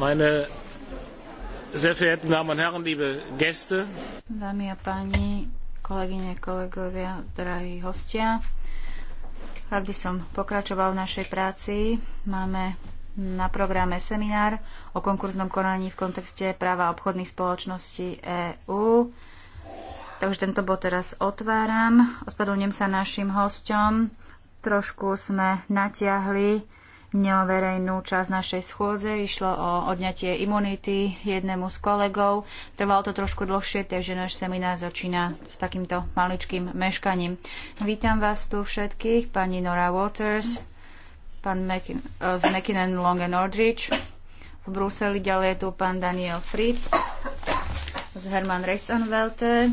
meine sehr verehrten Damen und Herren, liebe Gäste. Dámy a páni, kolegyne, kolegovia, drahí hostia. Rád by som pokračoval v našej práci. Máme na programe seminár o konkurznom konaní v kontexte práva obchodných spoločností EÚ. Takže tento bod teraz otváram. Ospadlňujem sa našim hosťom. Trošku sme natiahli neoverejnú časť našej schôdze. Išlo o odňatie imunity jednému z kolegov. Trvalo to trošku dlhšie, takže náš seminár začína s takýmto maličkým meškaním. Vítam vás tu všetkých, pani Nora Waters, pán Mac- eh, z McKinnon Long and Aldrich. V Bruseli ďalej je tu pán Daniel Fritz z Herman Rechtsanwälte.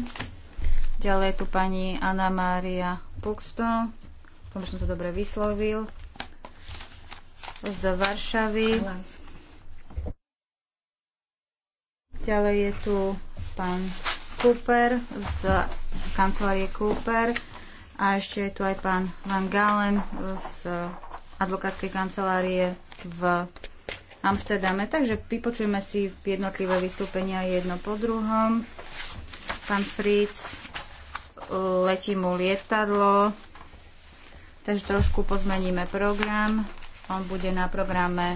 Ďalej je tu pani Anna Mária Puxton. Dúfam, že som to dobre vyslovil z Varšavy. Ďalej je tu pán Cooper z kancelárie Cooper a ešte je tu aj pán Van Galen z advokátskej kancelárie v Amsterdame. Takže vypočujeme si jednotlivé vystúpenia jedno po druhom. Pán Fritz, letí mu lietadlo, takže trošku pozmeníme program. On bude na programe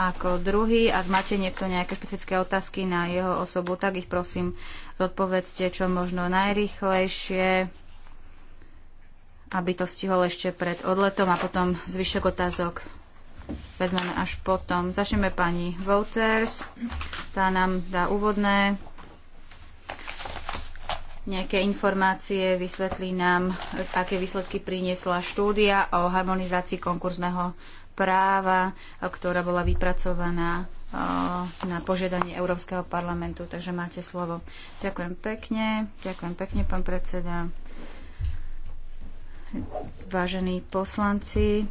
ako druhý. Ak máte niekto nejaké špecifické otázky na jeho osobu, tak ich prosím zodpovedzte čo možno najrychlejšie, aby to stihol ešte pred odletom a potom zvyšok otázok vezmeme až potom. Začneme pani Voters. Tá nám dá úvodné nejaké informácie, vysvetlí nám, aké výsledky priniesla štúdia o harmonizácii konkurzného práva, ktorá bola vypracovaná eh, na požiadanie Európskeho parlamentu. Takže máte slovo. Ďakujem pekne. Ďakujem pekne, pán predseda. Vážení poslanci,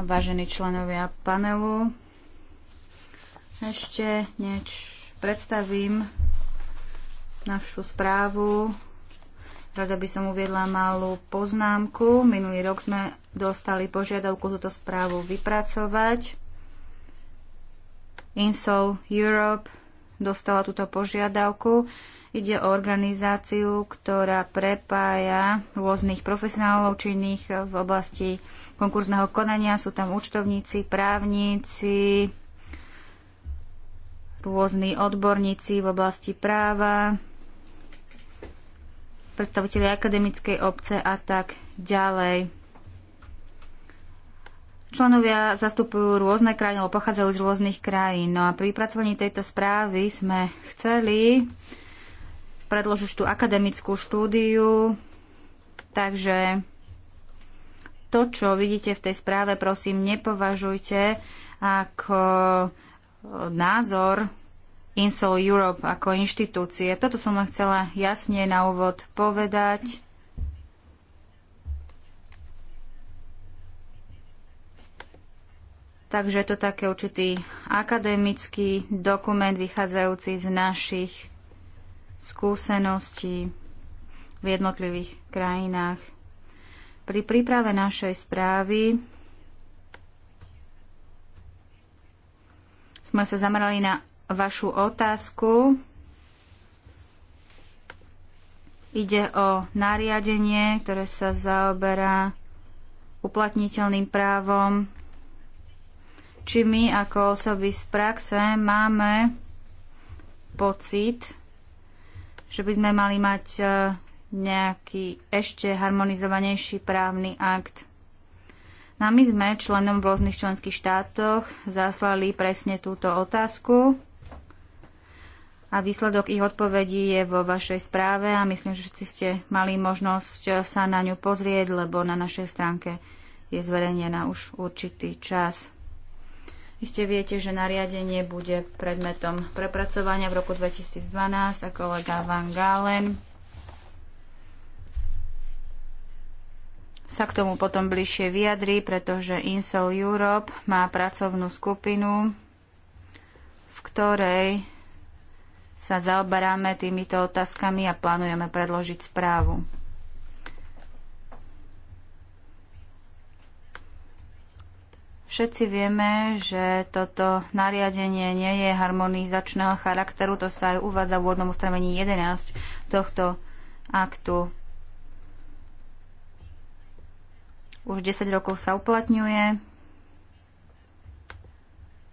vážení členovia panelu, ešte niečo predstavím našu správu Rada by som uviedla malú poznámku. Minulý rok sme dostali požiadavku túto správu vypracovať. Insol Europe dostala túto požiadavku. Ide o organizáciu, ktorá prepája rôznych profesionálov činných v oblasti konkurzného konania. Sú tam účtovníci, právnici, rôzni odborníci v oblasti práva, predstaviteľi akademickej obce a tak ďalej. Členovia zastupujú rôzne krajiny, alebo pochádzajú z rôznych krajín. No a pri pracovaní tejto správy sme chceli predložiť tú akademickú štúdiu, takže to, čo vidíte v tej správe, prosím, nepovažujte ako názor Insol Europe ako inštitúcie. Toto som vám chcela jasne na úvod povedať. Takže je to také určitý akademický dokument vychádzajúci z našich skúseností v jednotlivých krajinách. Pri príprave našej správy sme sa zamerali na vašu otázku. Ide o nariadenie, ktoré sa zaoberá uplatniteľným právom. Či my ako osoby z praxe máme pocit, že by sme mali mať e, nejaký ešte harmonizovanejší právny akt. No my sme členom v rôznych členských štátoch zaslali presne túto otázku a výsledok ich odpovedí je vo vašej správe a myslím, že všetci ste mali možnosť sa na ňu pozrieť, lebo na našej stránke je zverejnená už určitý čas. Iste viete, že nariadenie bude predmetom prepracovania v roku 2012 a kolega Van Galen sa k tomu potom bližšie vyjadri, pretože Insol Europe má pracovnú skupinu, v ktorej sa zaoberáme týmito otázkami a plánujeme predložiť správu. Všetci vieme, že toto nariadenie nie je harmonizačného charakteru, to sa aj uvádza v úvodnom ustanovení 11 tohto aktu. Už 10 rokov sa uplatňuje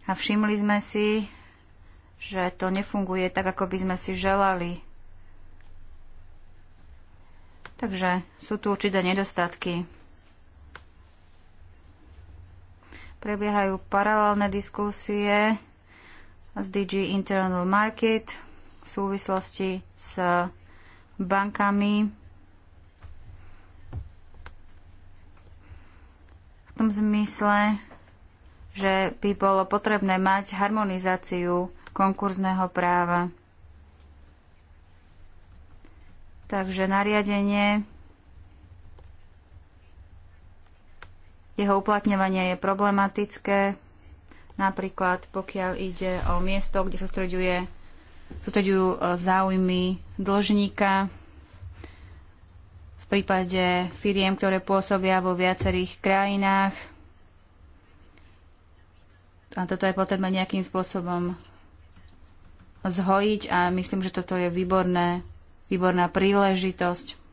a všimli sme si, že to nefunguje tak, ako by sme si želali. Takže sú tu určité nedostatky. Prebiehajú paralelné diskusie z DG Internal Market v súvislosti s bankami. V tom zmysle, že by bolo potrebné mať harmonizáciu konkurzného práva. Takže nariadenie, jeho uplatňovanie je problematické, napríklad pokiaľ ide o miesto, kde sústreďuje, sústreďujú e, záujmy dlžníka, v prípade firiem, ktoré pôsobia vo viacerých krajinách. A toto je potrebné nejakým spôsobom zhojiť a myslím, že toto je výborné, výborná príležitosť.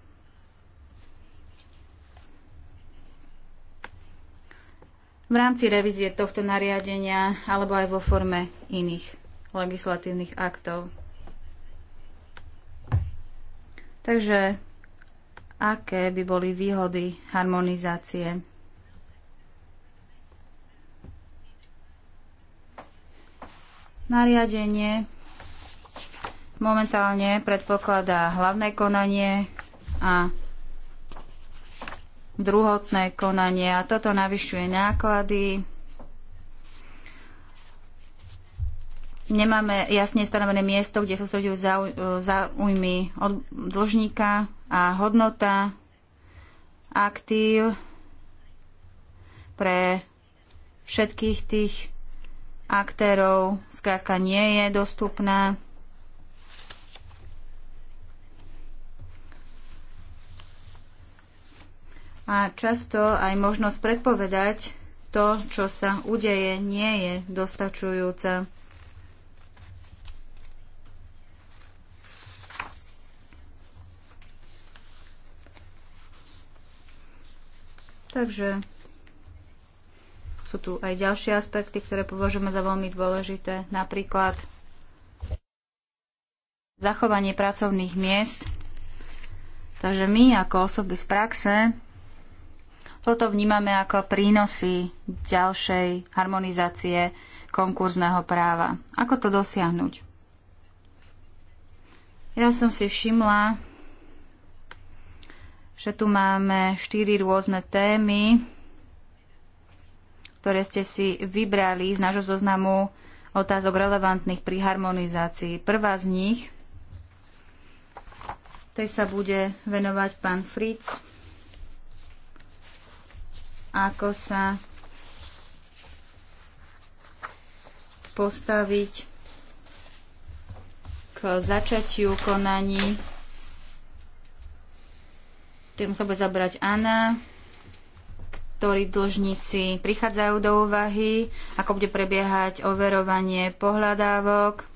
v rámci revízie tohto nariadenia alebo aj vo forme iných legislatívnych aktov. Takže aké by boli výhody harmonizácie? Nariadenie momentálne predpokladá hlavné konanie a druhotné konanie a toto navyšuje náklady. Nemáme jasne stanovené miesto, kde sú stredujú záujmy od dlžníka a hodnota aktív pre všetkých tých aktérov zkrátka nie je dostupná. a často aj možnosť predpovedať to, čo sa udeje, nie je dostačujúca. Takže sú tu aj ďalšie aspekty, ktoré považujeme za veľmi dôležité, napríklad zachovanie pracovných miest. Takže my ako osoby z praxe toto vnímame ako prínosy ďalšej harmonizácie konkurzného práva. Ako to dosiahnuť? Ja som si všimla, že tu máme štyri rôzne témy, ktoré ste si vybrali z nášho zoznamu otázok relevantných pri harmonizácii. Prvá z nich, tej sa bude venovať pán Fritz ako sa postaviť k začatiu konaní. Tým sa bude zabrať Anna, ktorí dlžníci prichádzajú do úvahy, ako bude prebiehať overovanie pohľadávok.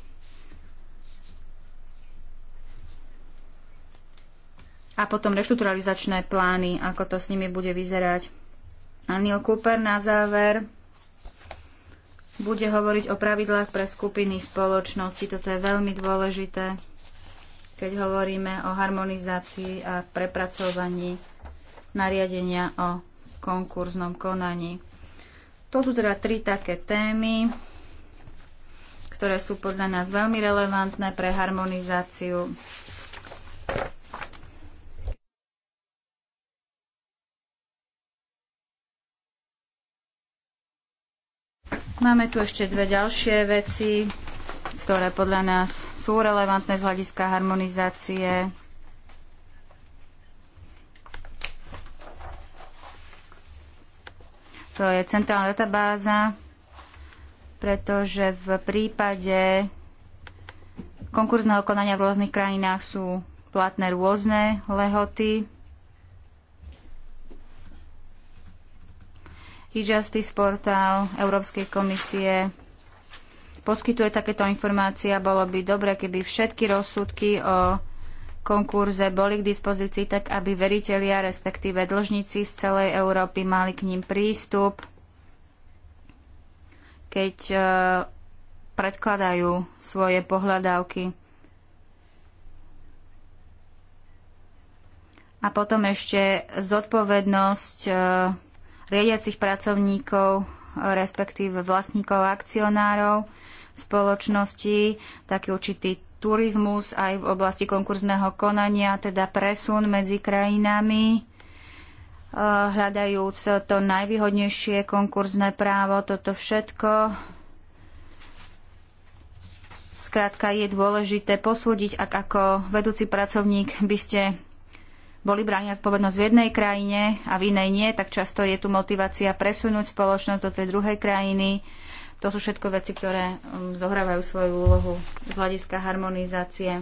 A potom reštrukturalizačné plány, ako to s nimi bude vyzerať. A Neil Cooper na záver bude hovoriť o pravidlách pre skupiny spoločnosti. Toto je veľmi dôležité, keď hovoríme o harmonizácii a prepracovaní nariadenia o konkurznom konaní. To sú teda tri také témy, ktoré sú podľa nás veľmi relevantné pre harmonizáciu Máme tu ešte dve ďalšie veci, ktoré podľa nás sú relevantné z hľadiska harmonizácie. To je centrálna databáza, pretože v prípade konkurzného konania v rôznych krajinách sú platné rôzne lehoty e-justice portál Európskej komisie poskytuje takéto informácie a bolo by dobre, keby všetky rozsudky o konkurze boli k dispozícii tak, aby veritelia, respektíve dlžníci z celej Európy mali k ním prístup, keď e, predkladajú svoje pohľadávky. A potom ešte zodpovednosť uh, riadiacich pracovníkov, respektíve vlastníkov akcionárov spoločnosti, taký určitý turizmus aj v oblasti konkurzného konania, teda presun medzi krajinami, eh, hľadajúc to najvýhodnejšie konkurzné právo, toto všetko. Skrátka je dôležité posúdiť, ak ako vedúci pracovník by ste boli bráni na zodpovednosť v jednej krajine a v inej nie, tak často je tu motivácia presunúť spoločnosť do tej druhej krajiny. To sú všetko veci, ktoré um, zohrávajú svoju úlohu z hľadiska harmonizácie.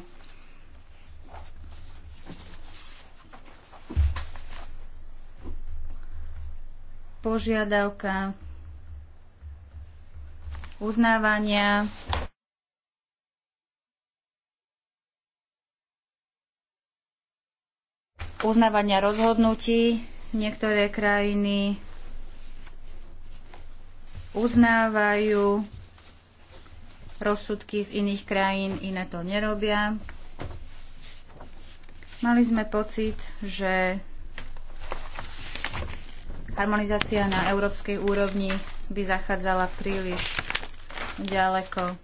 Požiadavka uznávania uznávania rozhodnutí. Niektoré krajiny uznávajú rozsudky z iných krajín, iné to nerobia. Mali sme pocit, že harmonizácia na európskej úrovni by zachádzala príliš ďaleko.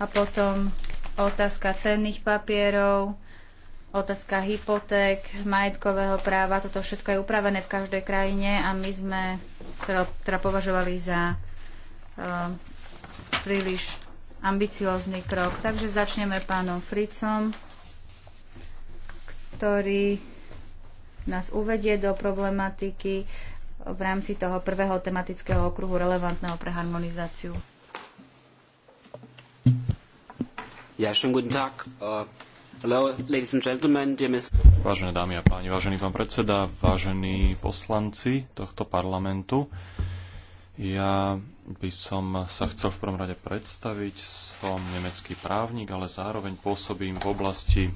A potom otázka cenných papierov, otázka hypoték, majetkového práva, toto všetko je upravené v každej krajine a my sme teda, teda považovali za uh, príliš ambiciózny krok. Takže začneme pánom Fricom, ktorý nás uvedie do problematiky v rámci toho prvého tematického okruhu relevantného pre harmonizáciu. Ja, schönen guten Tag. Uh... Vážené dámy a páni, vážený pán predseda, vážení poslanci tohto parlamentu, ja by som sa chcel v prvom rade predstaviť. Som nemecký právnik, ale zároveň pôsobím v oblasti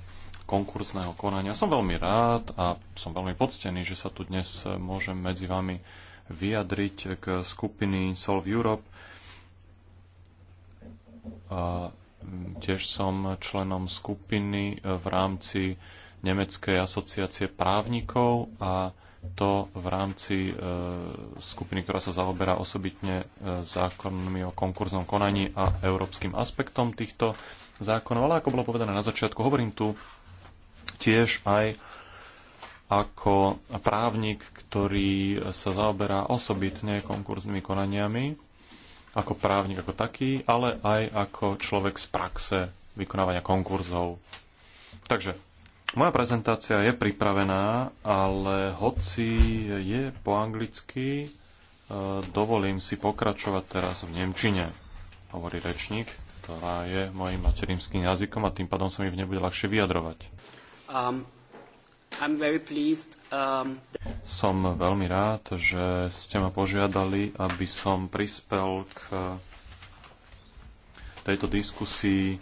konkurzného konania. Som veľmi rád a som veľmi poctený, že sa tu dnes môžem medzi vami vyjadriť k skupiny Solve Europe. Tiež som členom skupiny v rámci Nemeckej asociácie právnikov a to v rámci e, skupiny, ktorá sa zaoberá osobitne e, zákonmi o konkurznom konaní a európskym aspektom týchto zákonov. Ale ako bolo povedané na začiatku, hovorím tu tiež aj ako právnik, ktorý sa zaoberá osobitne konkurznými konaniami ako právnik ako taký, ale aj ako človek z praxe vykonávania konkurzov. Takže moja prezentácia je pripravená, ale hoci je po anglicky, e, dovolím si pokračovať teraz v Nemčine, hovorí rečník, ktorá je mojim materinským jazykom a tým pádom sa mi v nej bude ľahšie vyjadrovať. Um. Um... Som veľmi rád, že ste ma požiadali, aby som prispel k eh, tejto diskusii.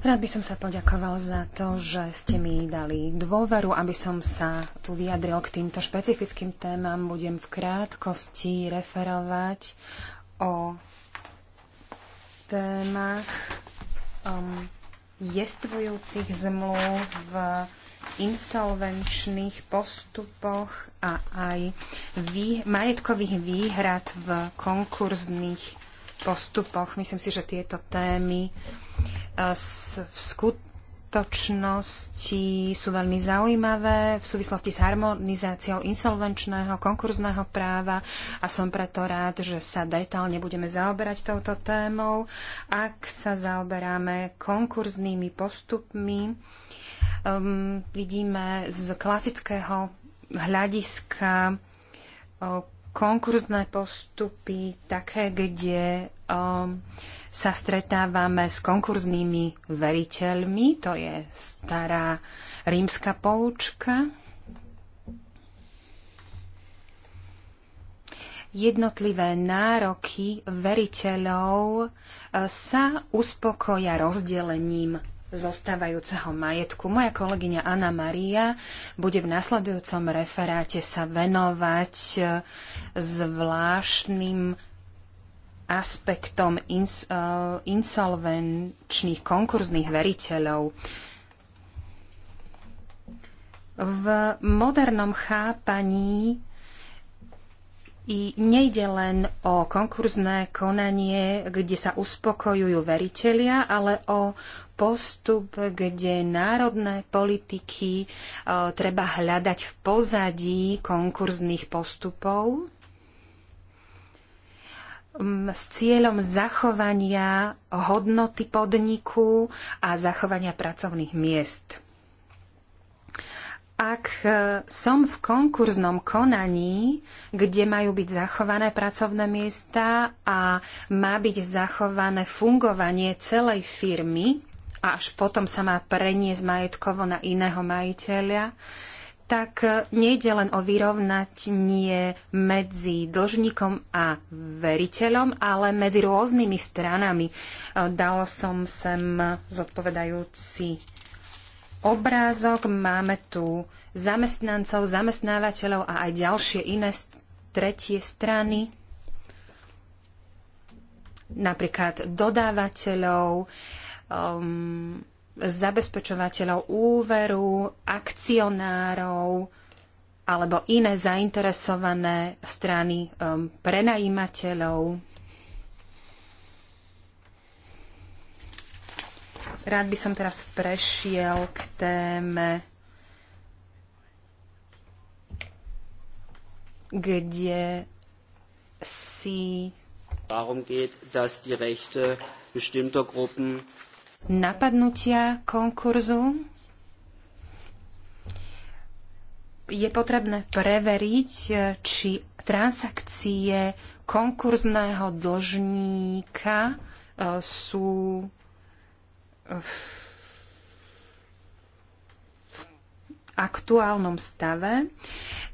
Rád by som sa poďakoval za to, že ste mi dali dôveru, aby som sa tu vyjadril k týmto špecifickým témam. Budem v krátkosti referovať o témach, um, jestvujúcich zmluv v insolvenčných postupoch a aj vý, majetkových výhrad v konkurzných postupoch. Myslím si, že tieto témy eh, v skutočnosti skutočnosti sú veľmi zaujímavé v súvislosti s harmonizáciou insolvenčného konkurzného práva a som preto rád, že sa detálne budeme zaoberať touto témou. Ak sa zaoberáme konkurznými postupmi, um, vidíme z klasického hľadiska um, konkurzné postupy také, kde Ehm, sa stretávame s konkurznými veriteľmi, to je stará rímska poučka. Jednotlivé nároky veriteľov e, sa uspokoja rozdelením zostávajúceho majetku. Moja kolegyňa Anna Maria bude v nasledujúcom referáte sa venovať e, zvláštnym aspektom ins, uh, insolvenčných konkurzných veriteľov. V modernom chápaní i nejde len o konkurzné konanie, kde sa uspokojujú veritelia, ale o postup, kde národné politiky e, treba hľadať v pozadí konkurzných postupov s cieľom zachovania hodnoty podniku a zachovania pracovných miest. Ak e, som v konkurznom konaní, kde majú byť zachované pracovné miesta a má byť zachované fungovanie celej firmy a až potom sa má preniesť majetkovo na iného majiteľa, tak nejde len o vyrovnanie medzi dlžníkom a veriteľom, ale medzi rôznymi stranami. E, Dalo som sem zodpovedajúci obrázok. Máme tu zamestnancov, zamestnávateľov a aj ďalšie iné tretie strany, napríklad dodávateľov, um, zabezpečovateľov úveru, akcionárov alebo iné zainteresované strany um, prenajímateľov. Rád by som teraz prešiel k téme, kde si darum geht, dass die Rechte bestimmter Gruppen napadnutia konkurzu je potrebné preveriť, e, či transakcie konkurzného dlžníka e, sú e, v aktuálnom stave.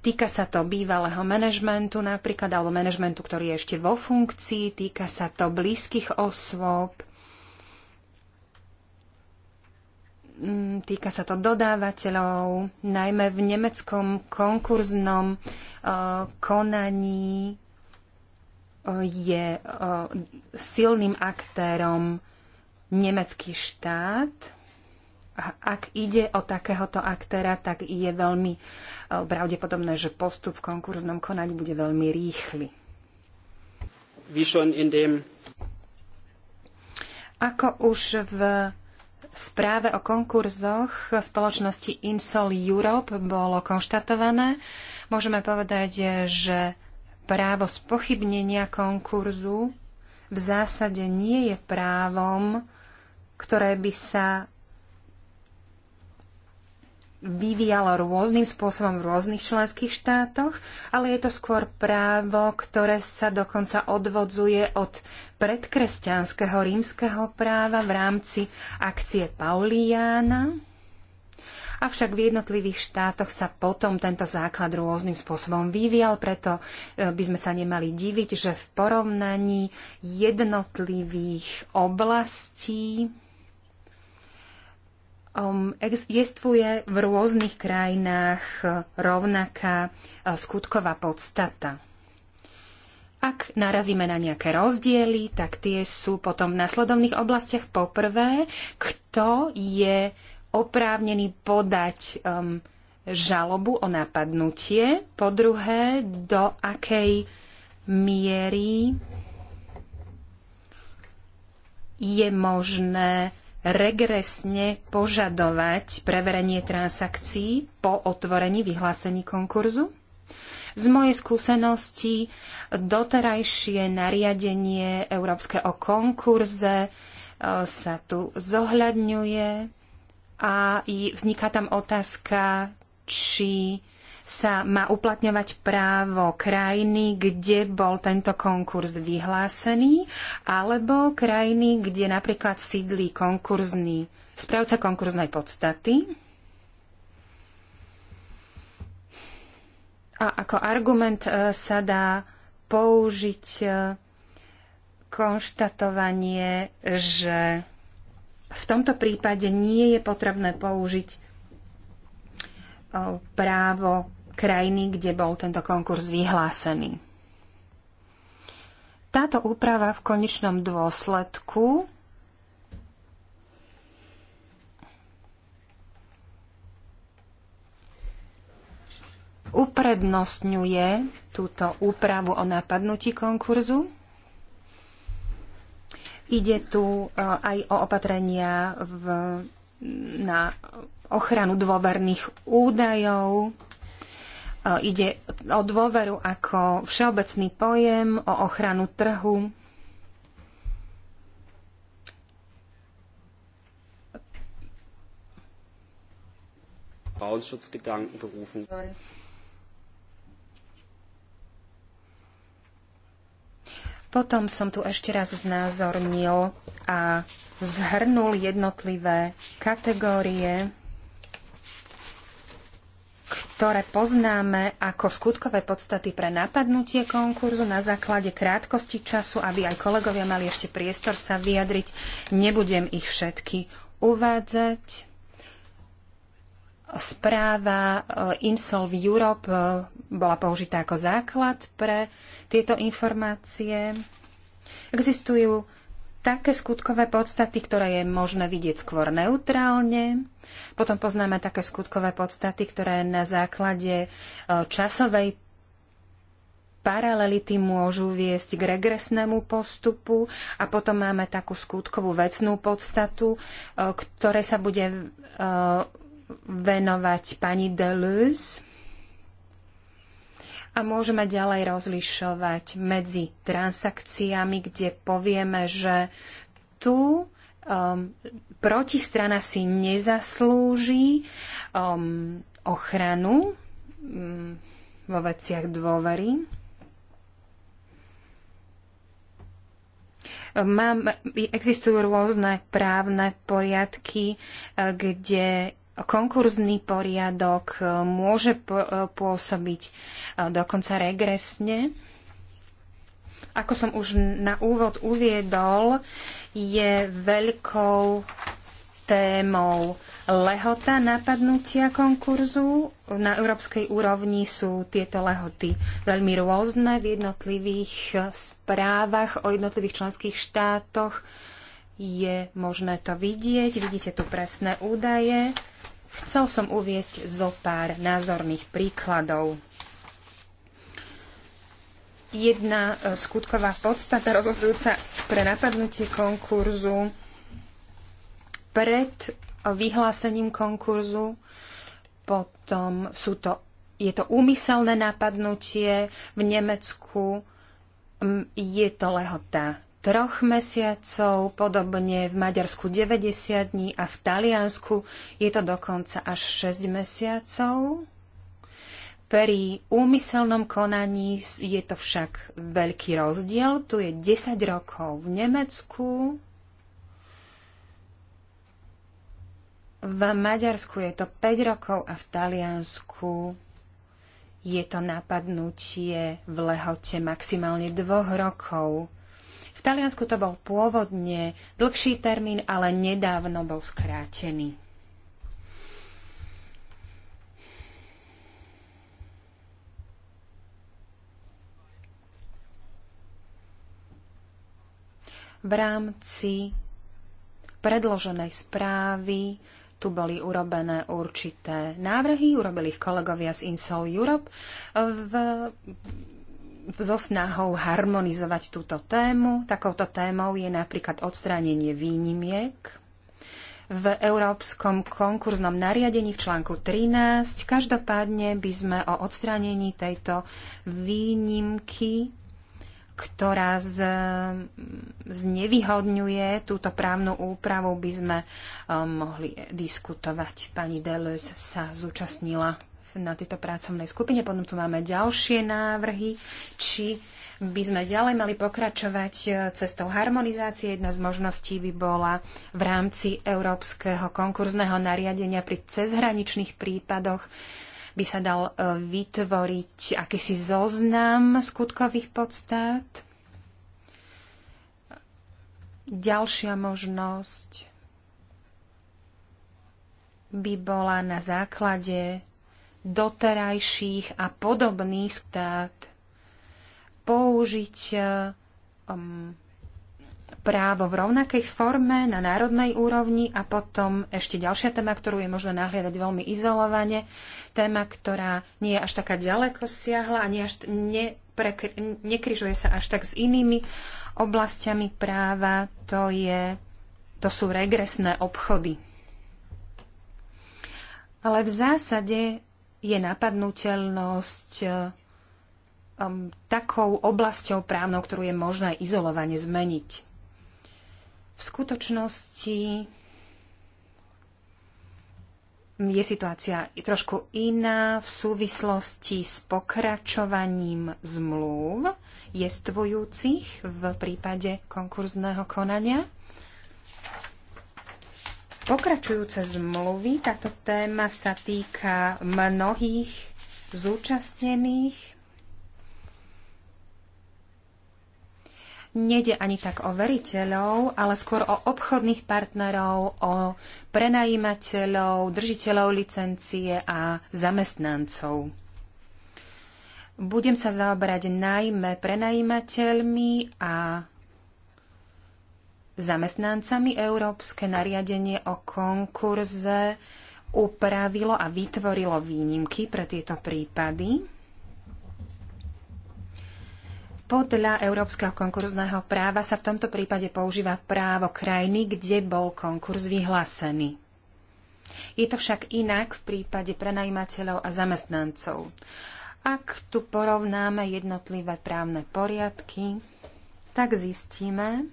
Týka sa to bývalého manažmentu napríklad, alebo manažmentu, ktorý je ešte vo funkcii, týka sa to blízkych osôb, Mm, týka sa to dodávateľov, najmä v nemeckom konkurznom e, konaní e, je e, silným aktérom nemecký štát. Ak ide o takéhoto aktéra, tak je veľmi pravdepodobné, že postup v konkurznom konaní bude veľmi rýchly. Wie schon in dem ako už v správe o konkurzoch spoločnosti Insol Europe bolo konštatované. Môžeme povedať, že právo spochybnenia konkurzu v zásade nie je právom, ktoré by sa vyvíjalo rôznym spôsobom v rôznych členských štátoch, ale je to skôr právo, ktoré sa dokonca odvodzuje od predkresťanského rímskeho práva v rámci akcie Pauliána. Avšak v jednotlivých štátoch sa potom tento základ rôznym spôsobom vyvíjal, preto e, by sme sa nemali diviť, že v porovnaní jednotlivých oblastí um, existuje v rôznych krajinách rovnaká uh, skutková podstata. Ak narazíme na nejaké rozdiely, tak tie sú potom v následovných oblastiach poprvé, kto je oprávnený podať um, žalobu o napadnutie, po druhé, do akej miery je možné regresne požadovať preverenie transakcií po otvorení vyhlásení konkurzu? Z mojej skúsenosti doterajšie nariadenie Európske o konkurze e, sa tu zohľadňuje a vzniká tam otázka, či sa má uplatňovať právo krajiny, kde bol tento konkurs vyhlásený, alebo krajiny, kde napríklad sídlí konkurzný, správca konkurznej podstaty. A ako argument e, sa dá použiť e, konštatovanie, že v tomto prípade nie je potrebné použiť e, právo krajiny, kde bol tento konkurs vyhlásený. Táto úprava v konečnom dôsledku uprednostňuje túto úpravu o napadnutí konkurzu. Ide tu e, aj o opatrenia v, na ochranu dôverných údajov, E, ide o dôveru ako všeobecný pojem, o ochranu trhu. Potom som tu ešte raz znázornil a zhrnul jednotlivé kategórie ktoré poznáme ako skutkové podstaty pre napadnutie konkurzu na základe krátkosti času, aby aj kolegovia mali ešte priestor sa vyjadriť. Nebudem ich všetky uvádzať. Správa eh, Insolve Europe eh, bola použitá ako základ pre tieto informácie. Existujú také skutkové podstaty, ktoré je možné vidieť skôr neutrálne. Potom poznáme také skutkové podstaty, ktoré na základe e, časovej paralelity môžu viesť k regresnému postupu a potom máme takú skutkovú vecnú podstatu, e, ktoré sa bude e, venovať pani Deleuze a môžeme ďalej rozlišovať medzi transakciami, kde povieme, že tu um, protistrana si nezaslúži um, ochranu um, vo veciach dôvery. Mám, existujú rôzne právne poriadky, eh, kde konkurzný poriadok e, môže e, pôsobiť e, dokonca regresne. Ako som už na úvod uviedol, je veľkou témou lehota napadnutia konkurzu. Na európskej úrovni sú tieto lehoty veľmi rôzne v jednotlivých správach o jednotlivých členských štátoch. Je možné to vidieť, vidíte tu presné údaje. Chcel som uviesť zo pár názorných príkladov. Jedna e, skutková podstata rozhodujúca pre napadnutie konkurzu pred vyhlásením konkurzu, potom sú to, je to úmyselné napadnutie v Nemecku, je to lehota troch mesiacov, podobne v Maďarsku 90 dní a v Taliansku je to dokonca až 6 mesiacov. Pri úmyselnom konaní je to však veľký rozdiel. Tu je 10 rokov v Nemecku, v Maďarsku je to 5 rokov a v Taliansku je to napadnutie v lehote maximálne 2 rokov. V Taliansku to bol pôvodne dlhší termín, ale nedávno bol skrátený. V rámci predloženej správy tu boli urobené určité návrhy, urobili ich kolegovia z Insol Europe. V so snahou harmonizovať túto tému. Takouto témou je napríklad odstránenie výnimiek v Európskom konkurznom nariadení v článku 13. Každopádne by sme o odstránení tejto výnimky ktorá z, znevýhodňuje túto právnu úpravu, by sme um, mohli diskutovať. Pani Deleuze sa zúčastnila na tejto pracovnej skupine. Potom tu máme ďalšie návrhy, či by sme ďalej mali pokračovať e, cestou harmonizácie. Jedna z možností by bola v rámci európskeho konkurzného nariadenia pri cezhraničných prípadoch by sa dal e, vytvoriť akýsi zoznam skutkových podstát. Ďalšia možnosť by bola na základe doterajších a podobných stát použiť eh, um, právo v rovnakej forme na národnej úrovni a potom ešte ďalšia téma, ktorú je možno nahliadať veľmi izolovane, téma, ktorá nie je až taká ďaleko siahla a nie až, nekryžuje sa až tak s inými oblastiami práva, to, je, to sú regresné obchody. Ale v zásade je napadnutelnosť e, um, takou oblasťou právnou, ktorú je možné izolovane zmeniť. V skutočnosti je situácia trošku iná v súvislosti s pokračovaním zmluv jestvujúcich v prípade konkurzného konania. Pokračujúce zmluvy, táto téma sa týka mnohých zúčastnených. Nede ani tak o veriteľov, ale skôr o obchodných partnerov, o prenajímateľov, držiteľov licencie a zamestnancov. Budem sa zaoberať najmä prenajímateľmi a zamestnancami Európske nariadenie o konkurze upravilo a vytvorilo výnimky pre tieto prípady. Podľa Európskeho konkurzného práva sa v tomto prípade používa právo krajiny, kde bol konkurs vyhlásený. Je to však inak v prípade prenajímateľov a zamestnancov. Ak tu porovnáme jednotlivé právne poriadky, tak zistíme,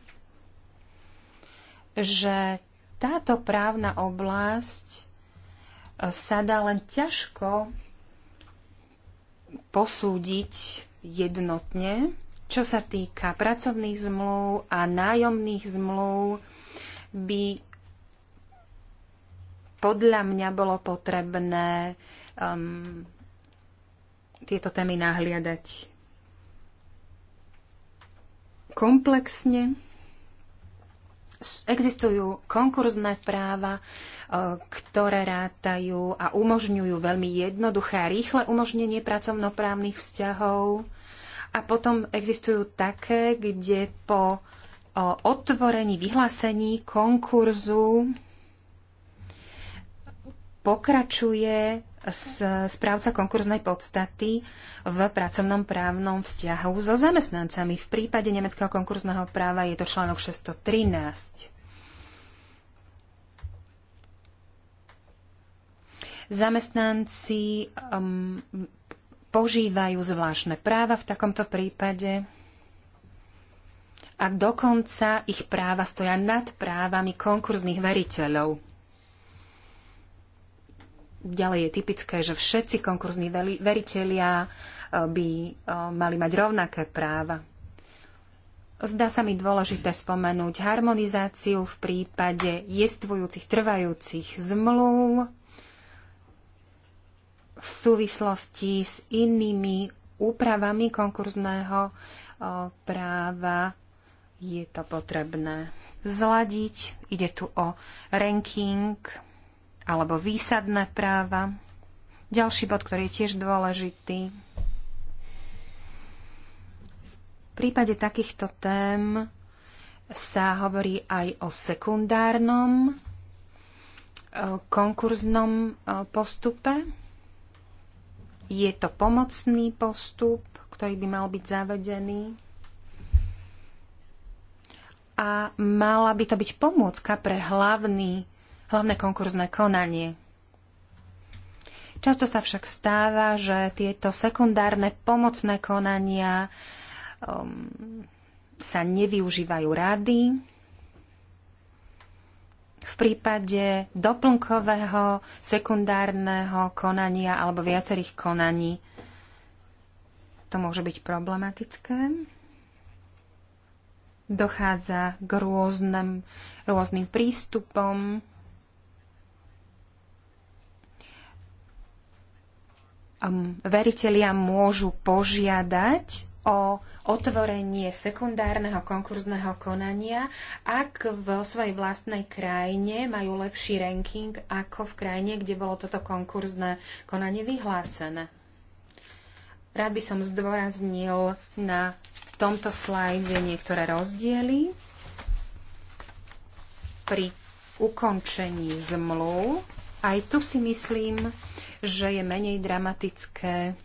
že táto právna oblasť e, sa dá len ťažko posúdiť jednotne, čo sa týka pracovných zmluv a nájomných zmluv, by podľa mňa bolo potrebné um, tieto témy nahliadať komplexne existujú konkurzné práva, e, ktoré rátajú a umožňujú veľmi jednoduché a rýchle umožnenie pracovnoprávnych vzťahov. A potom existujú také, kde po otvorení vyhlásení konkurzu pokračuje správca konkurznej podstaty v pracovnom právnom vzťahu so zamestnancami. V prípade nemeckého konkurzného práva je to článok 613. Zamestnanci um, požívajú zvláštne práva v takomto prípade a dokonca ich práva stoja nad právami konkurzných veriteľov. Ďalej je typické, že všetci konkurzní veritelia eh, by eh, mali mať rovnaké práva. Zdá sa mi dôležité spomenúť harmonizáciu v prípade jestvujúcich, trvajúcich zmluv v súvislosti s inými úpravami konkurzného eh, práva je to potrebné zladiť. Ide tu o ranking alebo výsadné práva. Ďalší bod, ktorý je tiež dôležitý. V prípade takýchto tém sa hovorí aj o sekundárnom e, konkurznom e, postupe. Je to pomocný postup, ktorý by mal byť zavedený. A mala by to byť pomôcka pre hlavný hlavné konkurzné konanie. Často sa však stáva, že tieto sekundárne pomocné konania um, sa nevyužívajú rady. V prípade doplnkového sekundárneho konania alebo viacerých konaní to môže byť problematické. Dochádza k rôznym, rôznym prístupom um, veritelia môžu požiadať o otvorenie sekundárneho konkurzného konania, ak vo svojej vlastnej krajine majú lepší ranking ako v krajine, kde bolo toto konkurzné konanie vyhlásené. Rád by som zdôraznil na tomto slajde niektoré rozdiely pri ukončení zmluv. Aj tu si myslím, že je menej dramatické,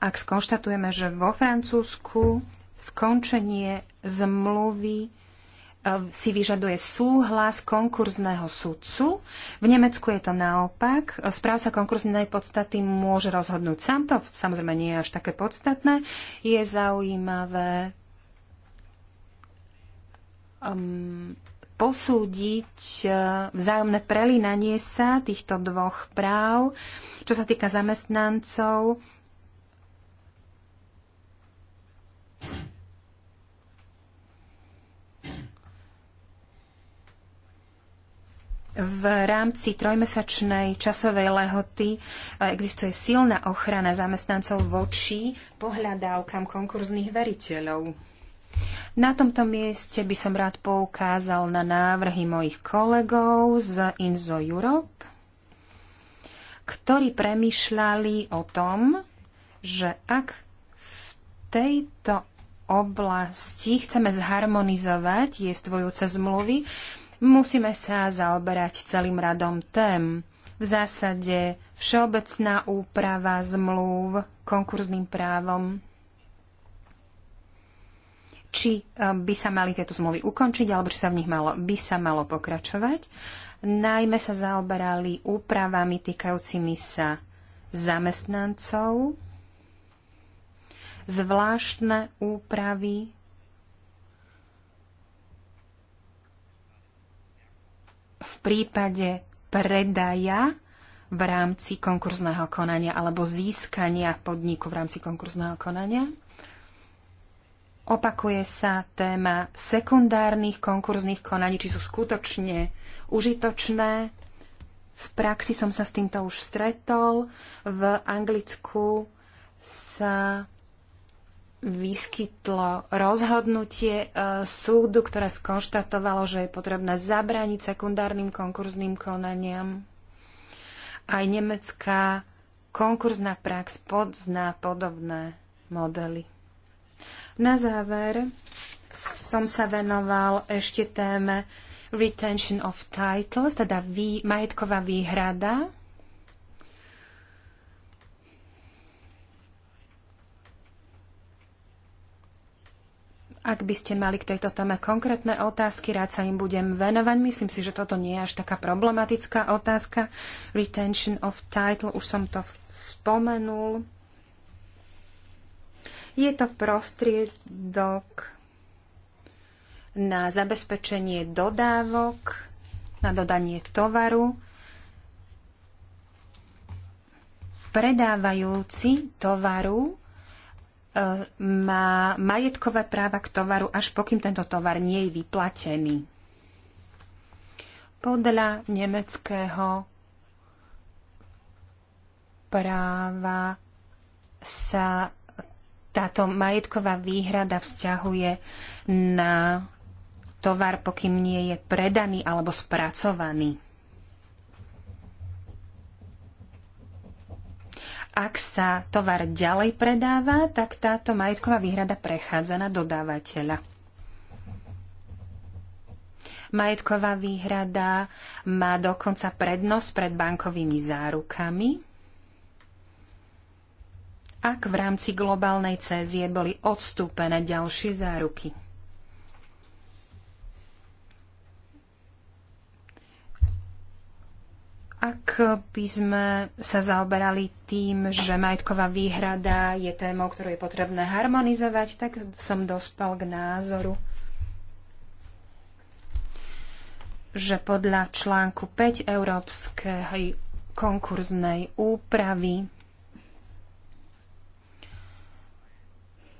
ak skonštatujeme, že vo Francúzsku skončenie zmluvy eh, si vyžaduje súhlas konkurzného sudcu. V Nemecku je to naopak. Správca konkurznej podstaty môže rozhodnúť sám. To samozrejme nie je až také podstatné. Je zaujímavé um, posúdiť e, vzájomné prelínanie sa týchto dvoch práv, čo sa týka zamestnancov. V rámci trojmesačnej časovej lehoty e, existuje silná ochrana zamestnancov voči pohľadávkam konkurzných veriteľov. Na tomto mieste by som rád poukázal na návrhy mojich kolegov z Inzo Europe, ktorí premyšľali o tom, že ak v tejto oblasti chceme zharmonizovať jestvojúce zmluvy, musíme sa zaoberať celým radom tém. V zásade všeobecná úprava zmluv konkurzným právom, či eh, by sa mali tieto zmluvy ukončiť, alebo či sa v nich malo, by sa malo pokračovať. Najmä sa zaoberali úpravami týkajúcimi sa zamestnancov, zvláštne úpravy v prípade predaja v rámci konkurzného konania alebo získania podniku v rámci konkurzného konania Opakuje sa téma sekundárnych konkurzných konaní, či sú skutočne užitočné. V praxi som sa s týmto už stretol. V Anglicku sa vyskytlo rozhodnutie e, súdu, ktoré skonštatovalo, že je potrebné zabrániť sekundárnym konkurzným konaniam. Aj nemecká konkurzná prax pozná podobné modely. Na záver som sa venoval ešte téme retention of titles, teda vý, majetková výhrada. Ak by ste mali k tejto téme konkrétne otázky, rád sa im budem venovať. Myslím si, že toto nie je až taká problematická otázka. Retention of title, už som to spomenul. Je to prostriedok na zabezpečenie dodávok, na dodanie tovaru. Predávajúci tovaru e, má majetkové práva k tovaru, až pokým tento tovar nie je vyplatený. Podľa nemeckého práva sa táto majetková výhrada vzťahuje na tovar, pokým nie je predaný alebo spracovaný. Ak sa tovar ďalej predáva, tak táto majetková výhrada prechádza na dodávateľa. Majetková výhrada má dokonca prednosť pred bankovými zárukami, ak v rámci globálnej cézie boli odstúpené ďalšie záruky. Ak by sme sa zaoberali tým, že majetková výhrada je témou, ktorú je potrebné harmonizovať, tak som dospel k názoru, že podľa článku 5 Európskej konkurznej úpravy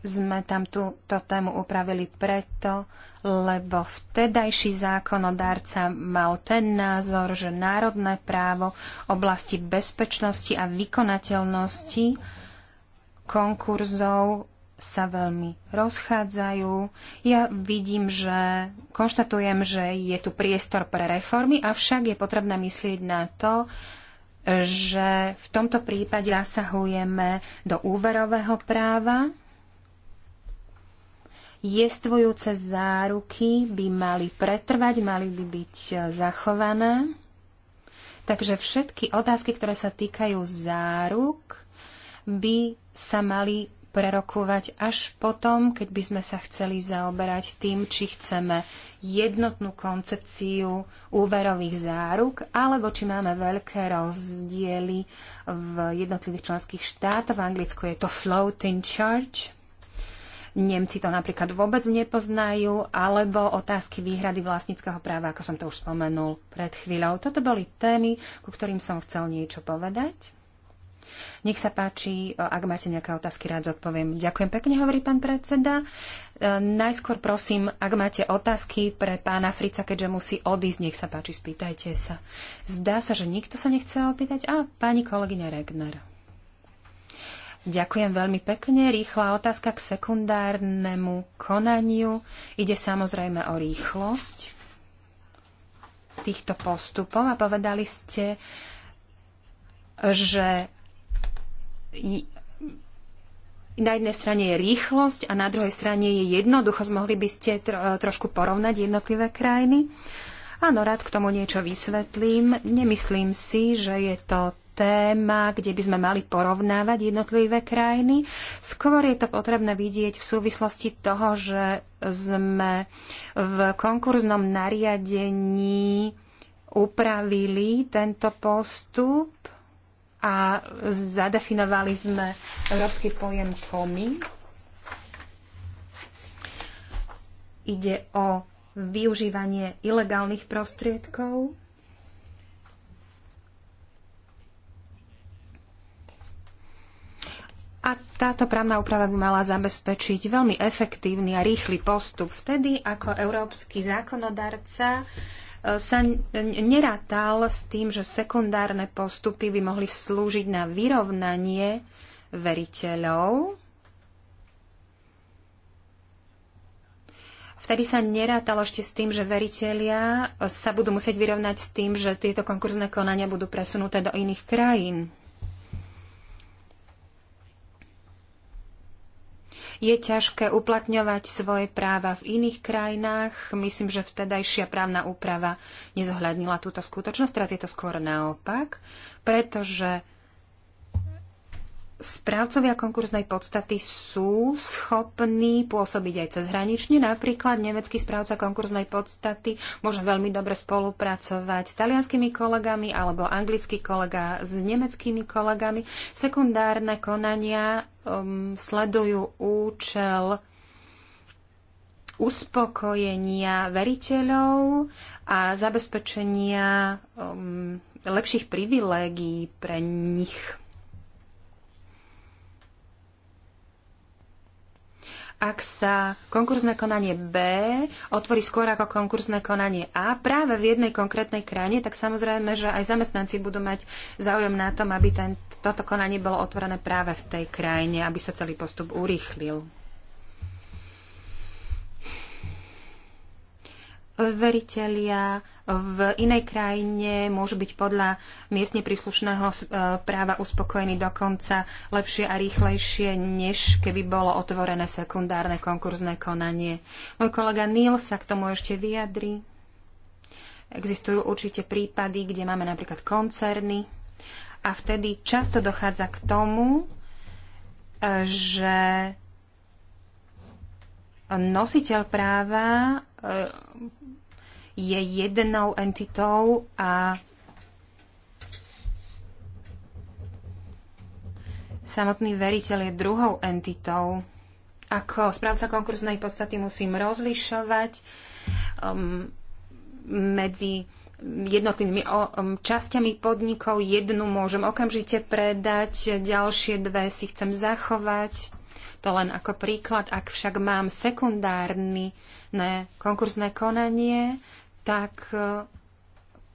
sme tam túto tému upravili preto, lebo vtedajší zákonodárca mal ten názor, že národné právo oblasti bezpečnosti a vykonateľnosti konkurzov sa veľmi rozchádzajú. Ja vidím, že konštatujem, že je tu priestor pre reformy, avšak je potrebné myslieť na to, že v tomto prípade zasahujeme do úverového práva, jestvujúce záruky by mali pretrvať, mali by byť e, zachované. Takže všetky otázky, ktoré sa týkajú záruk, by sa mali prerokovať až potom, keď by sme sa chceli zaoberať tým, či chceme jednotnú koncepciu úverových záruk, alebo či máme veľké rozdiely v jednotlivých členských štátoch. V Anglicku je to floating charge, Nemci to napríklad vôbec nepoznajú, alebo otázky výhrady vlastníckého práva, ako som to už spomenul pred chvíľou. Toto boli témy, ku ktorým som chcel niečo povedať. Nech sa páči, ak máte nejaké otázky, rád zodpoviem. Ďakujem pekne, hovorí pán predseda. E, najskôr prosím, ak máte otázky pre pána Frica, keďže musí odísť, nech sa páči, spýtajte sa. Zdá sa, že nikto sa nechce opýtať. A pani kolegyňa Regner. Ďakujem veľmi pekne. Rýchla otázka k sekundárnemu konaniu. Ide samozrejme o rýchlosť týchto postupov a povedali ste, že na jednej strane je rýchlosť a na druhej strane je jednoduchosť. Mohli by ste trošku porovnať jednotlivé krajiny? Áno, rád k tomu niečo vysvetlím. Nemyslím si, že je to téma, kde by sme mali porovnávať jednotlivé krajiny. Skôr je to potrebné vidieť v súvislosti toho, že sme v konkurznom nariadení upravili tento postup a zadefinovali sme európsky pojem komi. Ide o využívanie ilegálnych prostriedkov A táto právna úprava by mala zabezpečiť veľmi efektívny a rýchly postup vtedy, ako európsky zákonodarca e, sa nerátal s tým, že sekundárne postupy by mohli slúžiť na vyrovnanie veriteľov. Vtedy sa nerátalo ešte s tým, že veriteľia e, sa budú musieť vyrovnať s tým, že tieto konkurzné konania budú presunuté do iných krajín. je ťažké uplatňovať svoje práva v iných krajinách. Myslím, že vtedajšia právna úprava nezohľadnila túto skutočnosť, teraz je to skôr naopak, pretože správcovia konkurznej podstaty sú schopní pôsobiť aj cezhranične. Napríklad nemecký správca konkurznej podstaty môže veľmi dobre spolupracovať s talianskými kolegami alebo anglický kolega s nemeckými kolegami. Sekundárne konania um, sledujú účel uspokojenia veriteľov a zabezpečenia um, lepších privilégií pre nich. ak sa konkurzné konanie B otvorí skôr ako konkursné konanie A práve v jednej konkrétnej krajine, tak samozrejme, že aj zamestnanci budú mať záujem na tom, aby ten, toto konanie bolo otvorené práve v tej krajine, aby sa celý postup urýchlil. veriteľia v inej krajine môžu byť podľa miestne príslušného e, práva uspokojení dokonca lepšie a rýchlejšie, než keby bolo otvorené sekundárne konkurzné konanie. Môj kolega Neil sa k tomu ešte vyjadri. Existujú určite prípady, kde máme napríklad koncerny a vtedy často dochádza k tomu, e, že nositeľ práva e, je jednou entitou a samotný veriteľ je druhou entitou. Ako správca konkursnej podstaty musím rozlišovať um, medzi jednotlivými um, časťami podnikov. Jednu môžem okamžite predať, ďalšie dve si chcem zachovať. To len ako príklad, ak však mám sekundárne konkurzné konanie, tak e,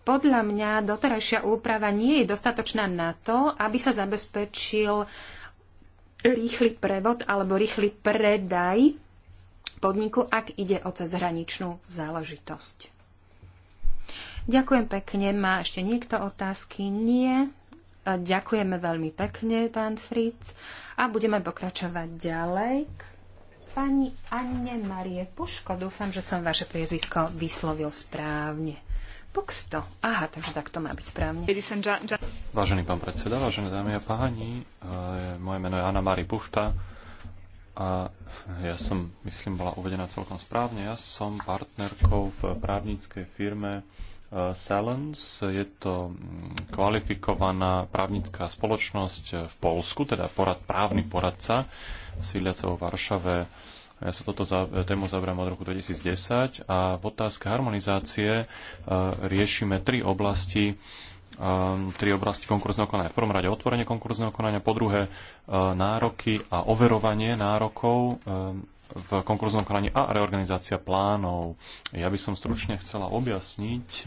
podľa mňa doterajšia úprava nie je dostatočná na to, aby sa zabezpečil rýchly prevod alebo rýchly predaj podniku, ak ide o cezhraničnú záležitosť. Ďakujem pekne. Má ešte niekto otázky? Nie. E, ďakujeme veľmi pekne, pán Fritz. A budeme pokračovať ďalej pani Anne Marie Puško. Dúfam, že som vaše priezvisko vyslovil správne. Buxto. Aha, takže tak to má byť správne. Vážený pán predseda, vážené dámy a páni, e, moje meno je Anna Marie Pušta a ja som, myslím, bola uvedená celkom správne. Ja som partnerkou v právnickej firme e, Salons. Je to mm, kvalifikovaná právnická spoločnosť v Polsku, teda porad, právny poradca sídliaceho v Varšave. Ja sa toto za, tému zabrám od roku 2010 a v otázke harmonizácie e, riešime tri oblasti, e, tri oblasti konkurzného konania. V prvom rade otvorenie konkurzného konania, po druhé e, nároky a overovanie nárokov v konkurznom konaní a reorganizácia plánov. Ja by som stručne chcela objasniť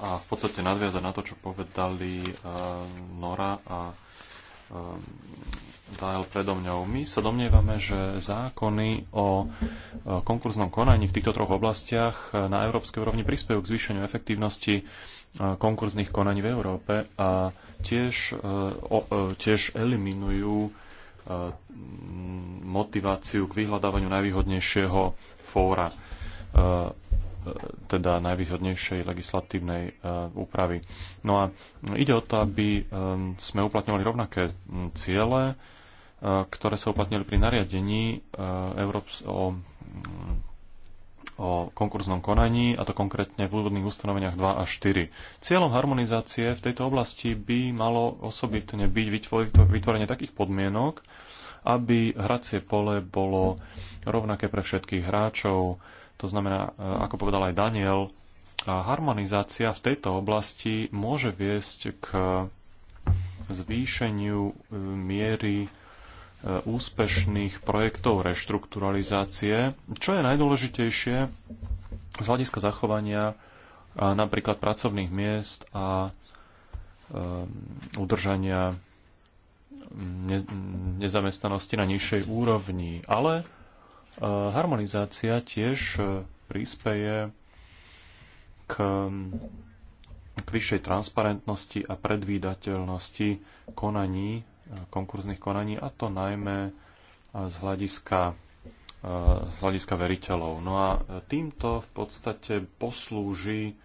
a v podstate nadviazať na to, čo povedali Nora a Ehm, dal predo mňou. My sa domnievame, že zákony o e, konkurznom konaní v týchto troch oblastiach e, na európskej úrovni prispiejú k zvýšeniu efektívnosti e, konkurzných konaní v Európe a tiež, o, tiež eliminujú motiváciu k vyhľadávaniu najvýhodnejšieho fóra teda najvýhodnejšej legislatívnej e, úpravy. No a ide o to, aby e, sme uplatňovali rovnaké ciele, e, ktoré sa uplatnili pri nariadení Európs- o, o konkurznom konaní, a to konkrétne v úvodných ustanoveniach 2 a 4. Cieľom harmonizácie v tejto oblasti by malo osobitne byť vytvorenie takých podmienok, aby hracie pole bolo rovnaké pre všetkých hráčov, to znamená, e, ako povedal aj Daniel, harmonizácia v tejto oblasti môže viesť k zvýšeniu e, miery e, úspešných projektov reštrukturalizácie. Čo je najdôležitejšie z hľadiska zachovania napríklad pracovných miest a udržania nezamestnanosti na nižšej úrovni. Ale E, harmonizácia tiež e, prispeje k, k vyššej transparentnosti a predvídateľnosti konaní, e, konkurzných konaní, a to najmä z hľadiska, z hľadiska veriteľov. No a týmto v podstate poslúži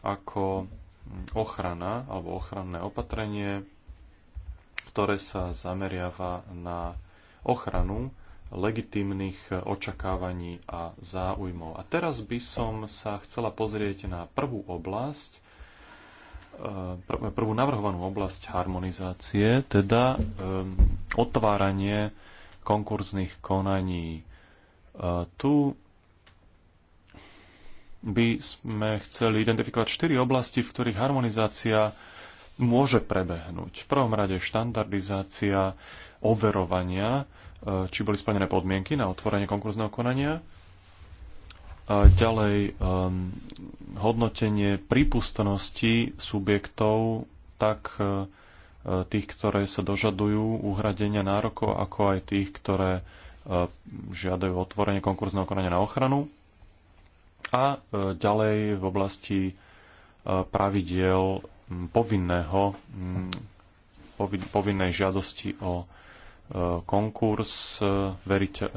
ako ochrana alebo ochranné opatrenie, ktoré sa zameriava na ochranu legitímnych eh, očakávaní a záujmov. A teraz by som sa chcela pozrieť na prvú oblasť, eh, prvú navrhovanú oblasť harmonizácie, teda eh, otváranie konkurzných konaní. Tu by sme chceli identifikovať štyri oblasti, v ktorých harmonizácia môže prebehnúť. V prvom rade štandardizácia overovania Eh, či boli splnené podmienky na otvorenie konkurzného konania. Ďalej ehm, hodnotenie prípustnosti subjektov tak eh, eh, tých, ktoré sa dožadujú uhradenia nárokov, ako aj tých, ktoré žiadajú otvorenie konkurzného konania na ochranu. A ďalej v oblasti pravidiel mm, povinného, mm, povinnej žiadosti o E, konkurs e, e,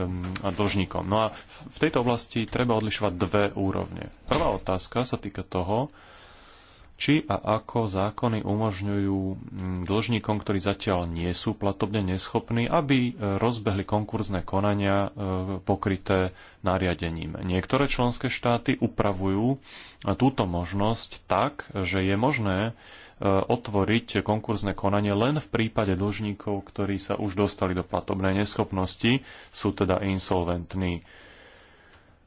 a dlžníkom. No a v tejto oblasti treba odlišovať dve úrovne. Prvá otázka sa týka toho, či a ako zákony umožňujú mm, dlžníkom, ktorí zatiaľ nie sú platobne neschopní, aby e, rozbehli konkurzné konania e, pokryté nariadením. Niektoré členské štáty upravujú e, túto možnosť tak, že je možné otvoriť konkurzne konanie len v prípade dlžníkov, ktorí sa už dostali do platobnej neschopnosti, sú teda insolventní.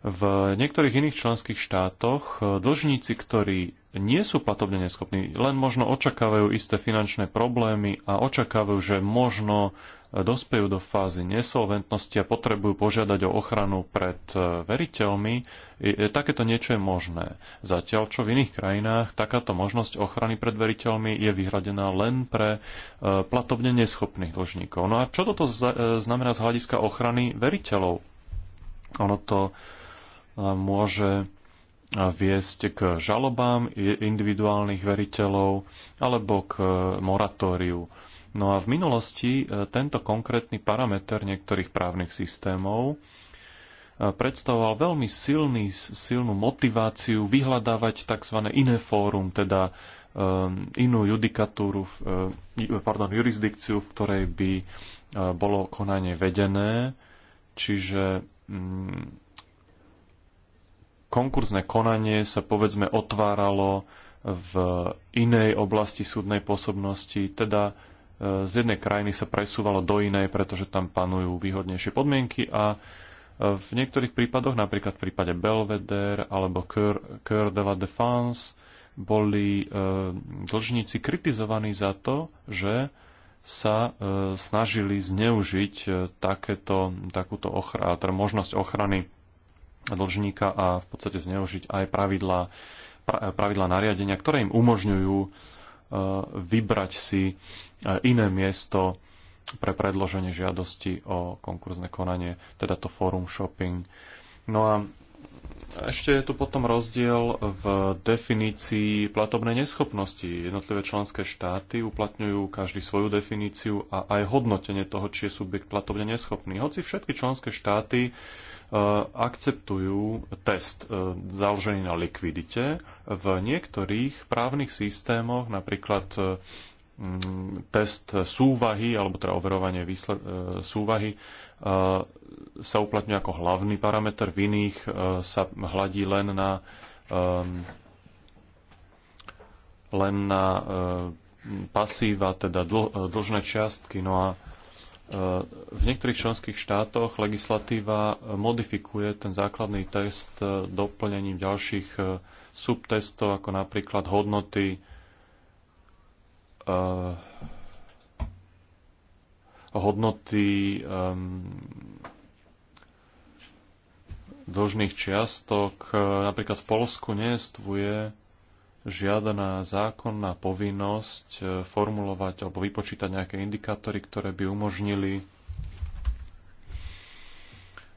V niektorých iných členských štátoch dlžníci, ktorí nie sú platobne neschopní, len možno očakávajú isté finančné problémy a očakávajú, že možno eh, dospejú do fázy nesolventnosti a potrebujú požiadať o ochranu pred eh, veriteľmi, eh, takéto niečo je možné. Zatiaľ, čo v iných krajinách takáto možnosť ochrany pred veriteľmi je vyhradená len pre platobne neschopných dlžníkov. No a čo toto znamená z hľadiska ochrany veriteľov? Ono to môže viesť k žalobám individuálnych veriteľov alebo k e, moratóriu. No a v minulosti e, tento konkrétny parameter niektorých právnych systémov e, predstavoval veľmi silný, silnú motiváciu vyhľadávať tzv. iné fórum, teda inú judikatúru, pardon, jurisdikciu, v ktorej by bolo konanie vedené, čiže mm, Konkurzne konanie sa povedzme otváralo v inej oblasti súdnej pôsobnosti, teda e, z jednej krajiny sa presúvalo do inej, pretože tam panujú výhodnejšie podmienky a e, v niektorých prípadoch, napríklad v prípade Belvedere alebo Cœur de la Défense, boli e, dlžníci kritizovaní za to, že sa snažili zneužiť takéto, takúto ochra, teda možnosť ochrany dlžníka a v podstate zneužiť aj pravidlá, pravidla nariadenia, ktoré im umožňujú e, vybrať si e, iné miesto pre predloženie žiadosti o konkurzne konanie, teda to forum shopping. No a ešte je tu potom rozdiel v definícii platobnej neschopnosti. Jednotlivé členské štáty uplatňujú každý svoju definíciu a aj hodnotenie toho, či je subjekt platobne neschopný. Hoci všetky členské štáty E, akceptujú test e, založený na likvidite. V niektorých právnych systémoch, napríklad e, test súvahy, alebo teda overovanie výsled, súvahy, sa uplatňuje ako hlavný parameter, v iných sa hladí len na len na pasíva, teda dlžné čiastky. No a v niektorých členských štátoch legislatíva modifikuje ten základný test doplnením ďalších e, subtestov, ako napríklad hodnoty e, hodnoty um, dlžných čiastok. E, napríklad v Polsku neestvuje žiadaná zákonná povinnosť e, formulovať alebo vypočítať nejaké indikátory, ktoré by umožnili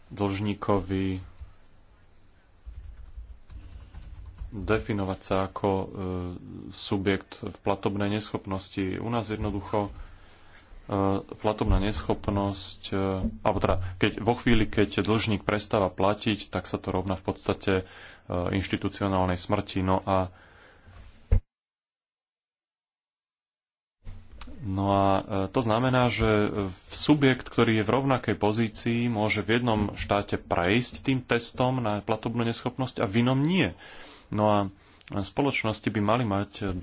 dlžníkovi definovať sa ako e, subjekt v platobnej neschopnosti. U nás jednoducho e, platobná neschopnosť, e, alebo teda keď, vo chvíli, keď dlžník prestáva platiť, tak sa to rovná v podstate e, inštitucionálnej smrti. No a e, No a e, to znamená, že e, subjekt, ktorý je v rovnakej pozícii, môže v jednom štáte prejsť tým testom na platobnú neschopnosť a v inom nie. No a e, spoločnosti by mali, mať,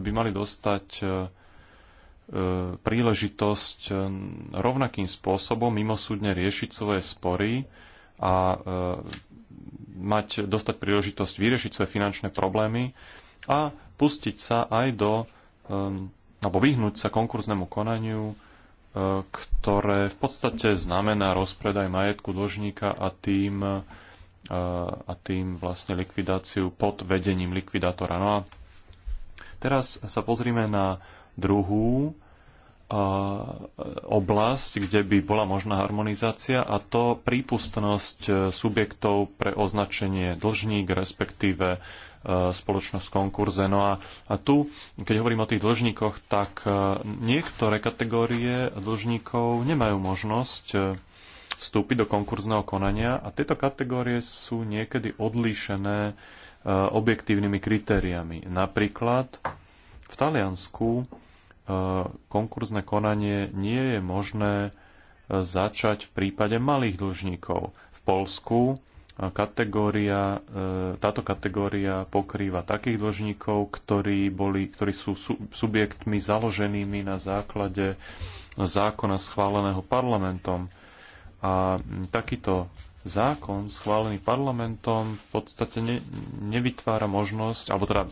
by mali dostať príležitosť rovnakým spôsobom mimosúdne riešiť svoje spory a mať, dostať príležitosť vyriešiť svoje finančné problémy a pustiť sa aj do alebo vyhnúť sa konkurznému konaniu, e, ktoré v podstate znamená rozpredaj majetku dlžníka a tým, e, a tým vlastne likvidáciu pod vedením likvidátora. No a teraz sa pozrime na druhú e, oblasť, kde by bola možná harmonizácia a to prípustnosť subjektov pre označenie dlžník, respektíve E, spoločnosť konkurze. No a, a tu, keď hovorím o tých dlžníkoch, tak e, niektoré kategórie dlžníkov nemajú možnosť e, vstúpiť do konkurzného konania a tieto kategórie sú niekedy odlíšené objektívnymi kritériami. Napríklad v Taliansku konkurzne konanie nie je možné začať v prípade malých dlžníkov. V Polsku kategória, e, táto kategória pokrýva takých dlžníkov, ktorí, boli, ktorí sú subjektmi založenými na základe zákona schváleného parlamentom. A takýto zákon schválený parlamentom v podstate ne, nevytvára možnosť, alebo teda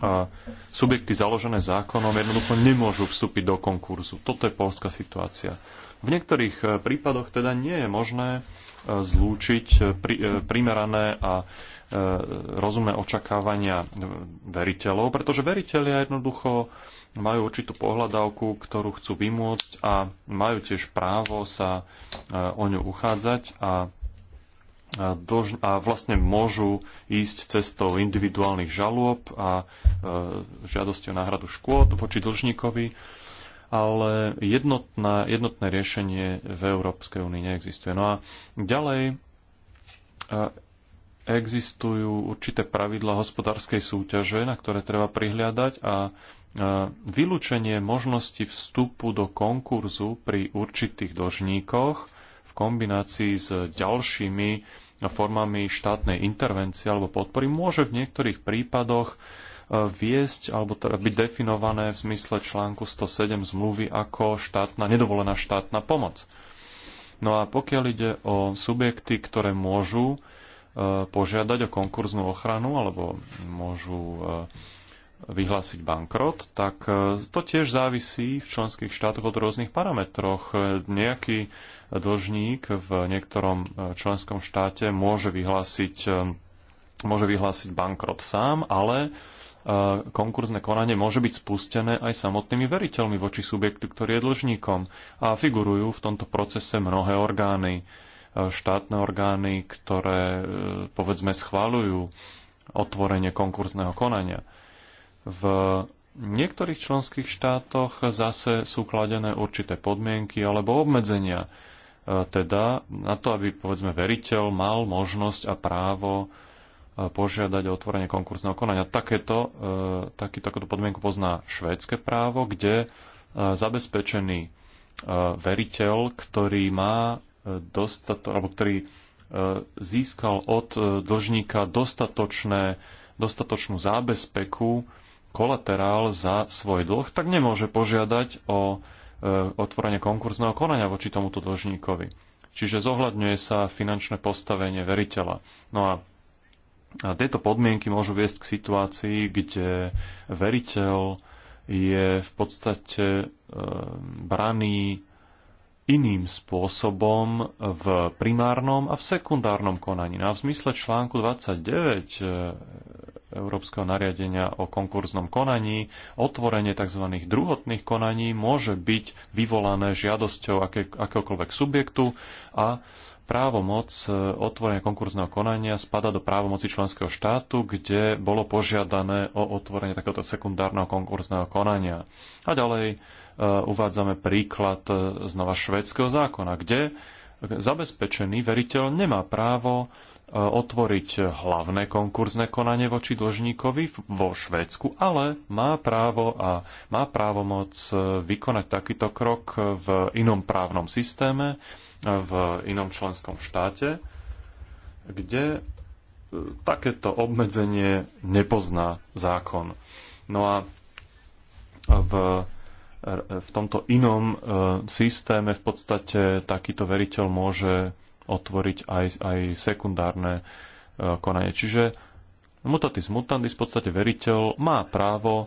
a subjekty založené zákonom jednoducho nemôžu vstúpiť do konkurzu. Toto je polská situácia. V niektorých e, prípadoch teda nie je možné zlúčiť e, e, primerané a e, rozumné očakávania veriteľov, pretože veriteľia jednoducho majú určitú pohľadávku, ktorú chcú vymôcť a majú tiež právo sa o ňu uchádzať a a vlastne môžu ísť cestou individuálnych žalôb a žiadosti o náhradu škôd voči dlžníkovi ale jednotná, jednotné riešenie v Európskej únii neexistuje. No a ďalej e, existujú určité pravidla hospodárskej súťaže, na ktoré treba prihliadať a e, vylúčenie možnosti vstupu do konkurzu pri určitých dlžníkoch v kombinácii s ďalšími formami štátnej intervencie alebo podpory môže v niektorých prípadoch viesť alebo teda byť definované v zmysle článku 107 zmluvy ako štátna, nedovolená štátna pomoc. No a pokiaľ ide o subjekty, ktoré môžu e, požiadať o konkurznú ochranu alebo môžu e, vyhlásiť bankrot, tak e, to tiež závisí v členských štátoch od rôznych parametroch. Nejaký dlžník v niektorom členskom štáte môže vyhlásiť, môže vyhlásiť bankrot sám, ale konkurzne konanie môže byť spustené aj samotnými veriteľmi voči subjektu, ktorý je dlžníkom. A figurujú v tomto procese mnohé orgány, e, štátne orgány, ktoré e, povedzme schválujú otvorenie konkurzného konania. V niektorých členských štátoch zase sú kladené určité podmienky alebo obmedzenia, e, teda na to, aby povedzme veriteľ mal možnosť a právo požiadať o otvorenie konkursného konania. Takéto, e, taký, takúto podmienku pozná švédske právo, kde e, zabezpečený e, veriteľ, ktorý má dostato, alebo ktorý získal od dlžníka dostatočné, dostatočnú zábezpeku kolaterál za svoj dlh, tak nemôže požiadať o otvorenie konkursného konania voči tomuto dlžníkovi. Čiže zohľadňuje sa finančné postavenie veriteľa. No a a tieto podmienky môžu viesť k situácii, kde veriteľ je v podstate e, braný iným spôsobom v primárnom a v sekundárnom konaní. No a v zmysle článku 29 e, Európskeho nariadenia o konkurznom konaní otvorenie tzv. druhotných konaní môže byť vyvolané žiadosťou aké, akéhokoľvek subjektu a právomoc e, otvorenia konkurzného konania spada do právomoci členského štátu, kde bolo požiadané o otvorenie takéhoto sekundárneho konkurzného konania. A ďalej e, uvádzame príklad e, znova švedského zákona, kde zabezpečený veriteľ nemá právo E, otvoriť hlavné konkurzne konanie voči dlžníkovi vo Švédsku, ale má právo a má právomoc e, vykonať takýto krok v inom právnom systéme, e, v inom členskom štáte, kde takéto obmedzenie nepozná zákon. No a v, v tomto inom systéme v podstate takýto veriteľ môže otvoriť aj, aj sekundárne e, konanie. Čiže mutatis mutandis v podstate veriteľ má právo e,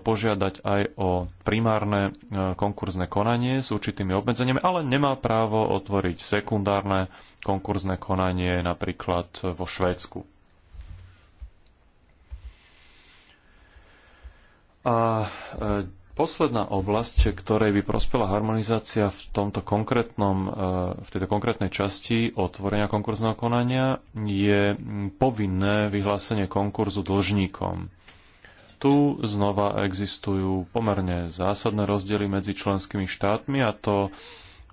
požiadať aj o primárne e, konkurzne konanie s určitými obmedzeniami, ale nemá právo otvoriť sekundárne konkurzne konanie napríklad vo Švédsku. A posledná oblasť, ktorej by prospela harmonizácia v, tomto konkrétnom, e, v tejto konkrétnej časti otvorenia konkurzného konania, je povinné vyhlásenie konkurzu dlžníkom. Tu znova existujú pomerne zásadné rozdiely medzi členskými štátmi a to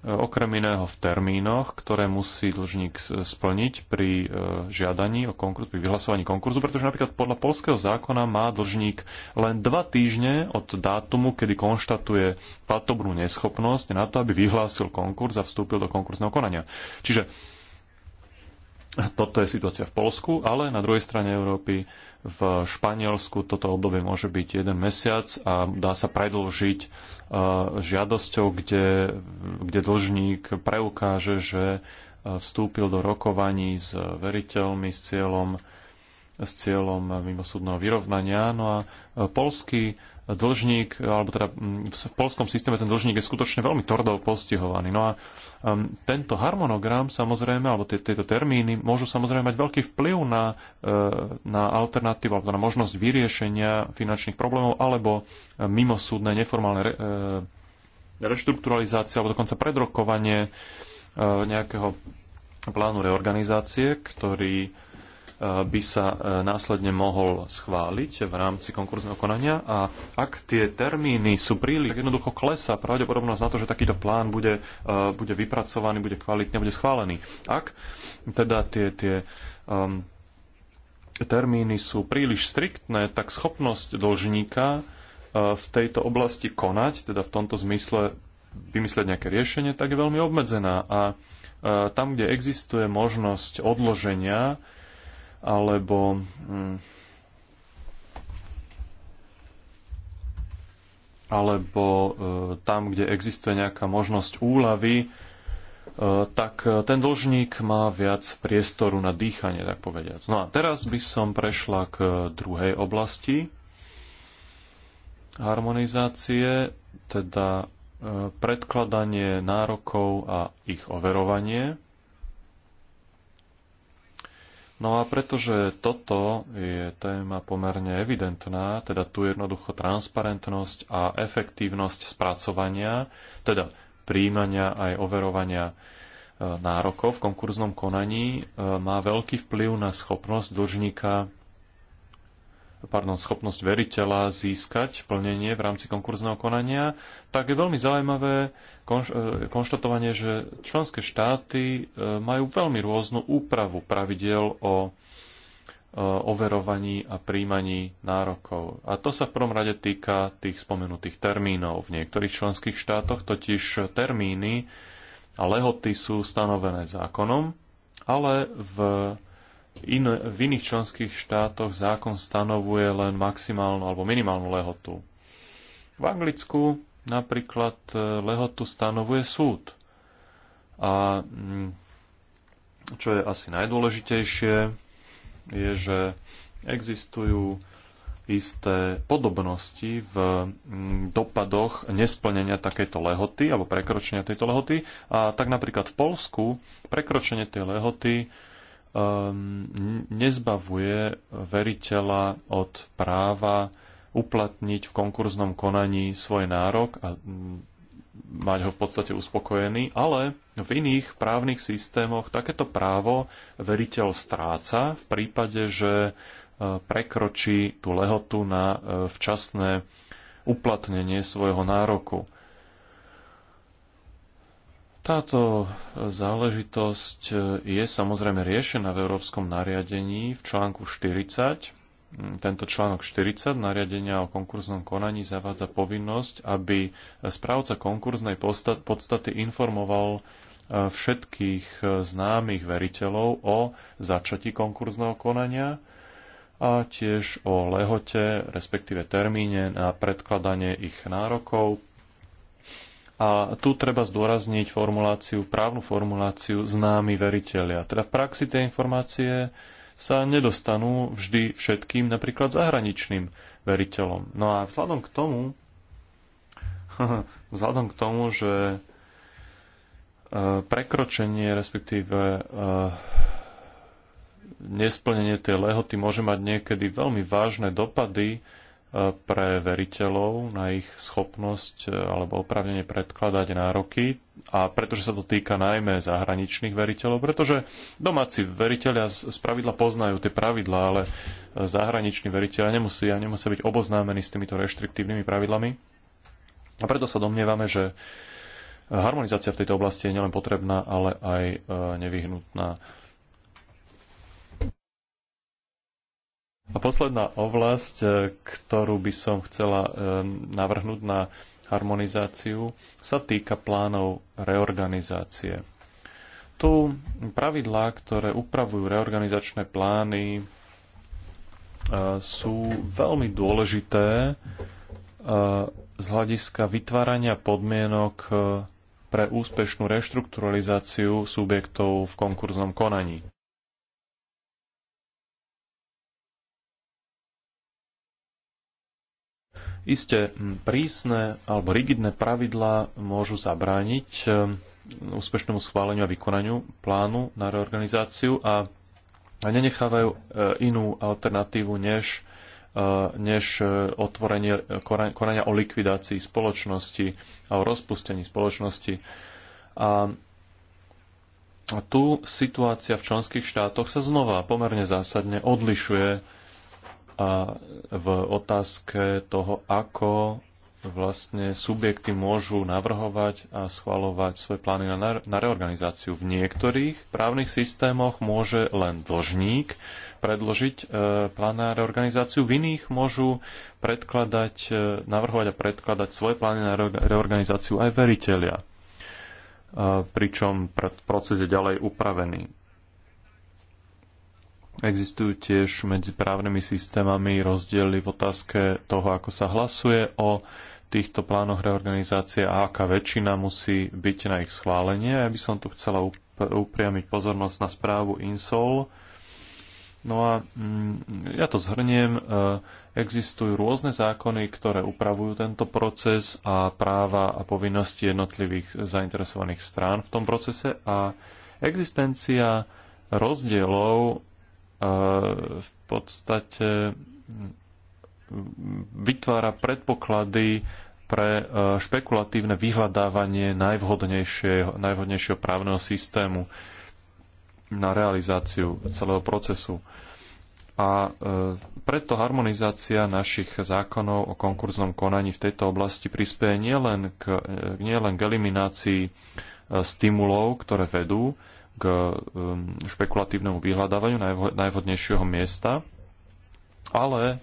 okrem iného v termínoch, ktoré musí dlžník splniť pri e, žiadaní o konkurs, pri vyhlasovaní konkurzu, pretože napríklad podľa polského zákona má dlžník len dva týždne od dátumu, kedy konštatuje platobnú neschopnosť na to, aby vyhlásil konkurs a vstúpil do konkursného konania. Čiže toto je situácia v Polsku, ale na druhej strane Európy v Španielsku toto obdobie môže byť jeden mesiac a dá sa predlžiť e, žiadosťou, kde, kde dlžník preukáže, že e, vstúpil do rokovaní s veriteľmi s cieľom, s cieľom mimosúdneho vyrovnania. No a e, polský dlžník, alebo teda mm, v polskom systéme ten dlžník je skutočne veľmi tordov postihovaný. No a um, tento harmonogram samozrejme, alebo tie tieto termíny môžu samozrejme mať veľký vplyv na, uh, na alternatívu, alebo na možnosť vyriešenia finančných problémov, alebo uh, mimosúdne neformálne re, uh, reštrukturalizácie, alebo dokonca predrokovanie nejakého plánu reorganizácie, ktorý by sa e, následne mohol schváliť v rámci konkurzného konania a ak tie termíny sú príliš, tak jednoducho klesá pravdepodobnosť na to, že takýto plán bude, e, bude vypracovaný, bude kvalitne, bude schválený. Ak teda tie, tie um, termíny sú príliš striktné, tak schopnosť dlžníka e, v tejto oblasti konať, teda v tomto zmysle vymyslieť nejaké riešenie, tak je veľmi obmedzená. A tam, kde existuje možnosť odloženia, alebo mm, alebo e, tam, kde existuje nejaká možnosť úlavy, e, tak ten dlžník má viac priestoru na dýchanie, tak povediac. No a teraz by som prešla k druhej oblasti harmonizácie, teda e, predkladanie nárokov a ich overovanie. No a pretože toto je téma pomerne evidentná, teda tu jednoducho transparentnosť a efektívnosť spracovania, teda príjmania aj overovania e, nárokov v konkurznom konaní e, má veľký vplyv na schopnosť dlžníka pardon, schopnosť veriteľa získať plnenie v rámci konkurzného konania, tak je veľmi zaujímavé konš- e, konštatovanie, že členské štáty e, majú veľmi rôznu úpravu pravidel o e, overovaní a príjmaní nárokov. A to sa v prvom rade týka tých spomenutých termínov. V niektorých členských štátoch totiž termíny a lehoty sú stanovené zákonom, ale v in, v iných členských štátoch zákon stanovuje len maximálnu alebo minimálnu lehotu. V Anglicku napríklad e, lehotu stanovuje súd. A mm, čo je asi najdôležitejšie, je, že existujú isté podobnosti v mm, dopadoch nesplnenia takejto lehoty alebo prekročenia tejto lehoty. A tak napríklad v Polsku prekročenie tej lehoty Um, nezbavuje veriteľa od práva uplatniť v konkurznom konaní svoj nárok a mm, mať ho v podstate uspokojený, ale v iných právnych systémoch takéto právo veriteľ stráca v prípade, že uh, prekročí tú lehotu na uh, včasné uplatnenie svojho nároku. Táto záležitosť e, je samozrejme riešená v európskom nariadení v článku 40. Mm, tento článok 40 nariadenia o konkurznom konaní zavádza povinnosť, aby správca konkurznej podstaty informoval e, všetkých e, známych veriteľov o začatí konkurzného konania a tiež o lehote, respektíve termíne na predkladanie ich nárokov a tu treba zdôrazniť formuláciu, právnu formuláciu známy veriteľia. Teda v praxi tie informácie sa nedostanú vždy všetkým, napríklad zahraničným veriteľom. No a vzhľadom k tomu, vzhľadom k tomu, že e, prekročenie, respektíve e, nesplnenie tej lehoty môže mať niekedy veľmi vážne dopady pre veriteľov na ich schopnosť e, alebo opravnenie predkladať nároky a pretože sa to týka najmä zahraničných veriteľov, pretože domáci veriteľia z pravidla poznajú tie pravidlá, ale e, zahraniční veriteľia nemusia, nemusia byť oboznámení s týmito reštriktívnymi pravidlami. A preto sa domnievame, že harmonizácia v tejto oblasti je nielen potrebná, ale aj e, nevyhnutná. A posledná oblasť, e, ktorú by som chcela e, navrhnúť na harmonizáciu, sa týka plánov reorganizácie. Tu pravidlá, ktoré upravujú reorganizačné plány, e, sú veľmi dôležité z hľadiska vytvárania podmienok pre úspešnú reštrukturalizáciu subjektov v konkurznom konaní. Isté hm, prísne alebo rigidné pravidlá môžu zabrániť hm, úspešnému schváleniu a vykonaniu plánu na reorganizáciu a nenechávajú e, inú alternatívu než, e, než e, otvorenie konania o likvidácii spoločnosti a o rozpustení spoločnosti. A tu situácia v členských štátoch sa znova pomerne zásadne odlišuje a v otázke toho, ako vlastne subjekty môžu navrhovať a schvalovať svoje plány na, na reorganizáciu. V niektorých právnych systémoch môže len dlžník predložiť e, plán na reorganizáciu, v iných môžu predkladať, e, navrhovať a predkladať svoje plány na reorganizáciu aj veriteľia. E, pričom proces je ďalej upravený Existujú tiež medzi právnymi systémami rozdiely v otázke toho, ako sa hlasuje o týchto plánoch reorganizácie a aká väčšina musí byť na ich schválenie. Ja by som tu chcela upriamiť pozornosť na správu INSOL. No a mm, ja to zhrniem. E, existujú rôzne zákony, ktoré upravujú tento proces a práva a povinnosti jednotlivých zainteresovaných strán v tom procese a existencia rozdielov v podstate vytvára predpoklady pre e, špekulatívne vyhľadávanie najvhodnejšieho, najvhodnejšieho právneho systému na realizáciu celého procesu. A e, preto harmonizácia našich zákonov o konkurznom konaní v tejto oblasti prispieje nielen k, e, nielen k eliminácii stimulov, ktoré vedú k um, špekulatívnemu vyhľadávaniu najvhodnejšieho miesta, ale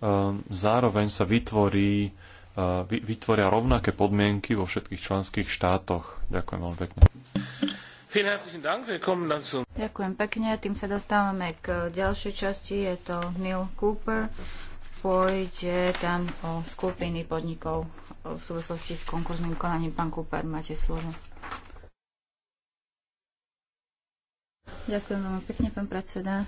um, zároveň sa vytvorí, uh, vytvoria rovnaké podmienky vo všetkých členských štátoch. Ďakujem veľmi pekne. Ďakujem pekne. Tým sa dostávame k ďalšej časti. Je to Neil Cooper. Pôjde tam o skupiny podnikov v súvislosti s konkurzným konaním. Pán Cooper, máte slovo. Ďakujem veľmi pekne, pán predseda.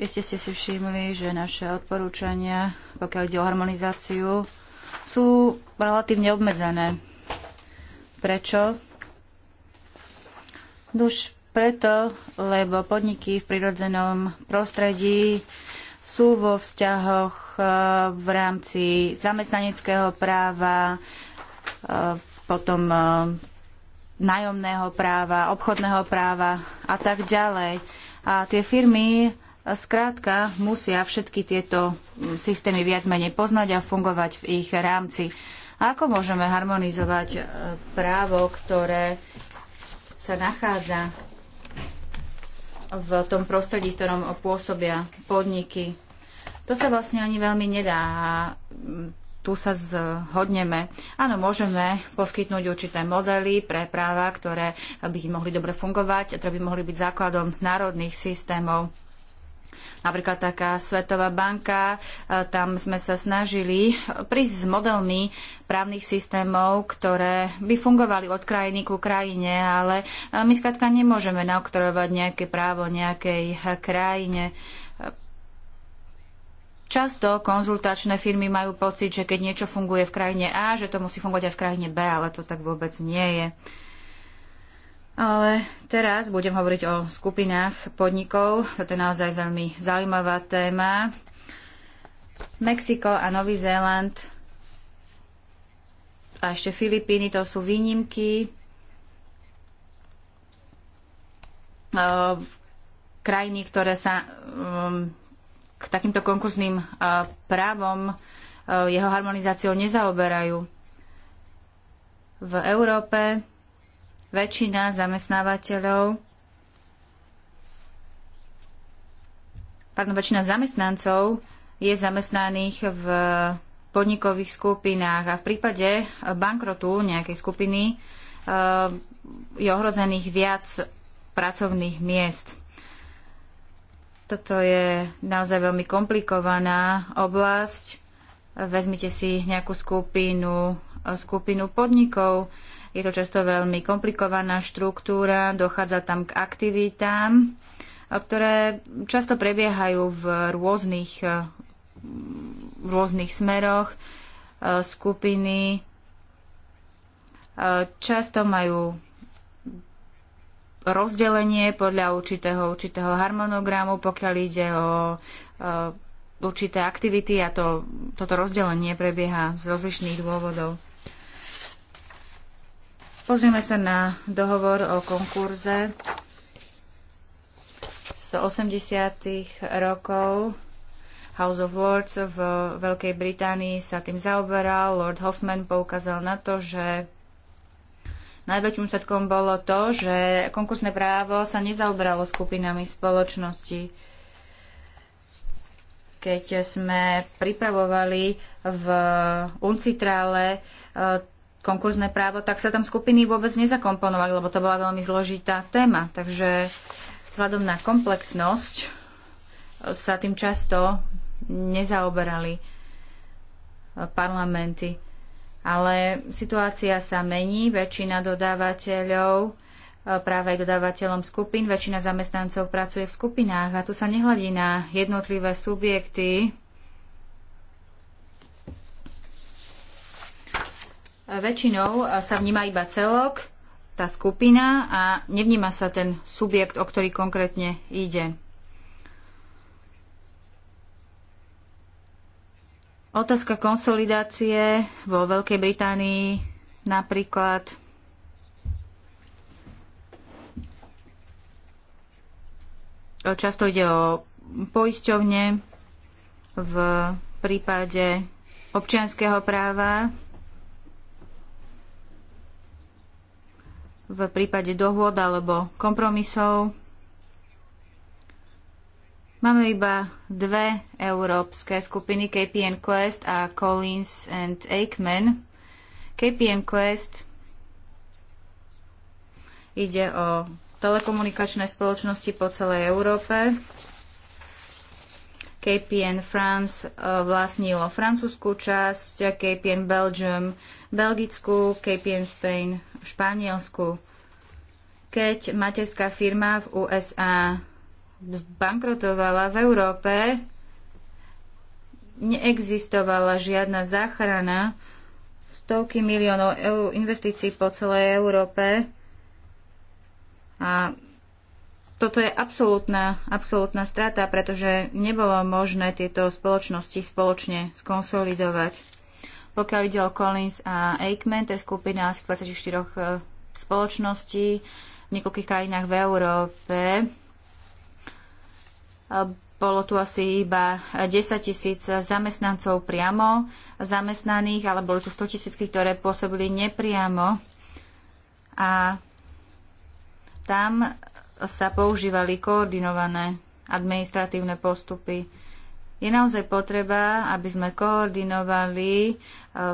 Iste ste si všimli, že naše odporúčania, pokiaľ ide o harmonizáciu, sú relatívne obmedzené. Prečo? Už preto, lebo podniky v prirodzenom prostredí sú vo vzťahoch e, v rámci zamestnaneckého práva, e, potom e, nájomného práva, obchodného práva a tak ďalej. A tie firmy zkrátka eh, musia všetky tieto mm, systémy viac menej poznať a fungovať v ich rámci. A ako môžeme harmonizovať eh, právo, ktoré sa nachádza v tom prostredí, v ktorom pôsobia podniky? To sa vlastne ani veľmi nedá. Mm, tu sa zhodneme. Áno, môžeme poskytnúť určité modely pre práva, ktoré by mohli dobre fungovať, ktoré by mohli byť základom národných systémov. Napríklad taká Svetová banka, e, tam sme sa snažili prísť s modelmi právnych systémov, ktoré by fungovali od krajiny ku krajine, ale e, my skrátka nemôžeme naoktorovať nejaké právo nejakej e, krajine Často konzultačné firmy majú pocit, že keď niečo funguje v krajine A, že to musí fungovať aj v krajine B, ale to tak vôbec nie je. Ale teraz budem hovoriť o skupinách podnikov. Toto je naozaj veľmi zaujímavá téma. Mexiko a Nový Zéland a ešte Filipíny, to sú výnimky. Krajiny, ktoré sa um, k takýmto konkursným právom, jeho harmonizáciou nezaoberajú. V Európe väčšina zamestnávateľov, pardon, väčšina zamestnancov je zamestnaných v podnikových skupinách a v prípade bankrotu nejakej skupiny je ohrozených viac pracovných miest. Toto je naozaj veľmi komplikovaná oblasť. Vezmite si nejakú skupinu, skupinu podnikov. Je to často veľmi komplikovaná štruktúra, dochádza tam k aktivitám, ktoré často prebiehajú v rôznych, v rôznych smeroch. Skupiny e, často majú rozdelenie podľa určitého, určitého harmonogramu, pokiaľ ide o e, určité aktivity a to, toto rozdelenie prebieha z rozlišných dôvodov. Pozrieme sa na dohovor o konkurze z 80. rokov. House of Lords v Veľkej Británii sa tým zaoberal. Lord Hoffman poukázal na to, že Najväčším úsledkom bolo to, že konkursné právo sa nezaobralo skupinami spoločnosti. Keď sme pripravovali v Uncitrále e, konkurzné právo, tak sa tam skupiny vôbec nezakomponovali, lebo to bola veľmi zložitá téma. Takže vzhľadom na komplexnosť e, sa tým často nezaoberali e, parlamenty. Ale situácia sa mení, väčšina dodávateľov e, práve aj dodávateľom skupín, väčšina zamestnancov pracuje v skupinách a tu sa nehľadí na jednotlivé subjekty. Väčšinou e, sa vníma iba celok, tá skupina a nevníma sa ten subjekt, o ktorý konkrétne ide. Otázka konsolidácie vo Veľkej Británii napríklad často ide o poisťovne v prípade občianského práva, v prípade dohôd alebo kompromisov. Máme iba dve európske skupiny, KPN Quest a Collins and Aikman. KPN Quest ide o telekomunikačné spoločnosti po celej Európe. KPN France eh, vlastnilo francúzskú časť, KPN Belgium belgickú, KPN Spain španielsku. Keď materská firma v USA zbankrotovala v Európe, neexistovala žiadna záchrana, stovky miliónov eur investícií po celej Európe a toto je absolútna, absolútna strata, pretože nebolo možné tieto spoločnosti spoločne skonsolidovať. Pokiaľ ide o Collins a Aikman, to je skupina z 24 eh, spoločností v niekoľkých krajinách v Európe, bolo tu asi iba 10 tisíc zamestnancov priamo zamestnaných, ale boli tu 100 tisícky, ktoré pôsobili nepriamo. A tam sa používali koordinované administratívne postupy. Je naozaj potreba, aby sme koordinovali eh,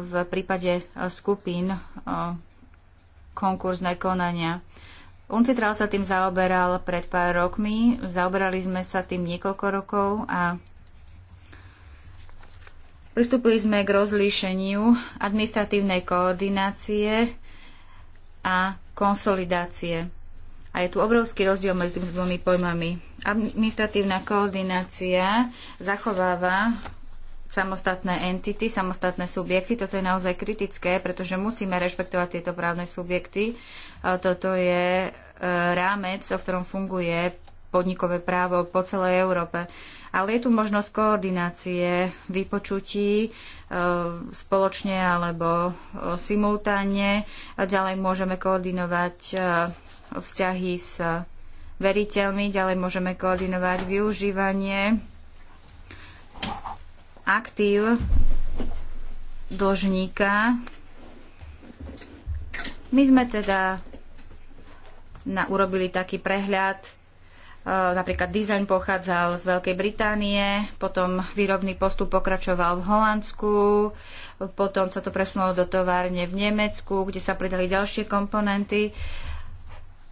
v prípade skupín eh, konkurzne konania. Uncitral sa tým zaoberal pred pár rokmi, zaoberali sme sa tým niekoľko rokov a pristúpili sme k rozlíšeniu administratívnej koordinácie a konsolidácie. A je tu obrovský rozdiel medzi dvomi pojmami. Administratívna koordinácia zachováva samostatné entity, samostatné subjekty. Toto je naozaj kritické, pretože musíme rešpektovať tieto právne subjekty. E, toto je e, rámec, o ktorom funguje podnikové právo po celej Európe. Ale je tu možnosť koordinácie vypočutí e, spoločne alebo simultáne. simultánne. A ďalej môžeme koordinovať vzťahy s veriteľmi, ďalej môžeme koordinovať využívanie aktív dlžníka. My sme teda na, urobili taký prehľad. E, napríklad dizajn pochádzal z Veľkej Británie, potom výrobný postup pokračoval v Holandsku, potom sa to presunulo do továrne v Nemecku, kde sa pridali ďalšie komponenty.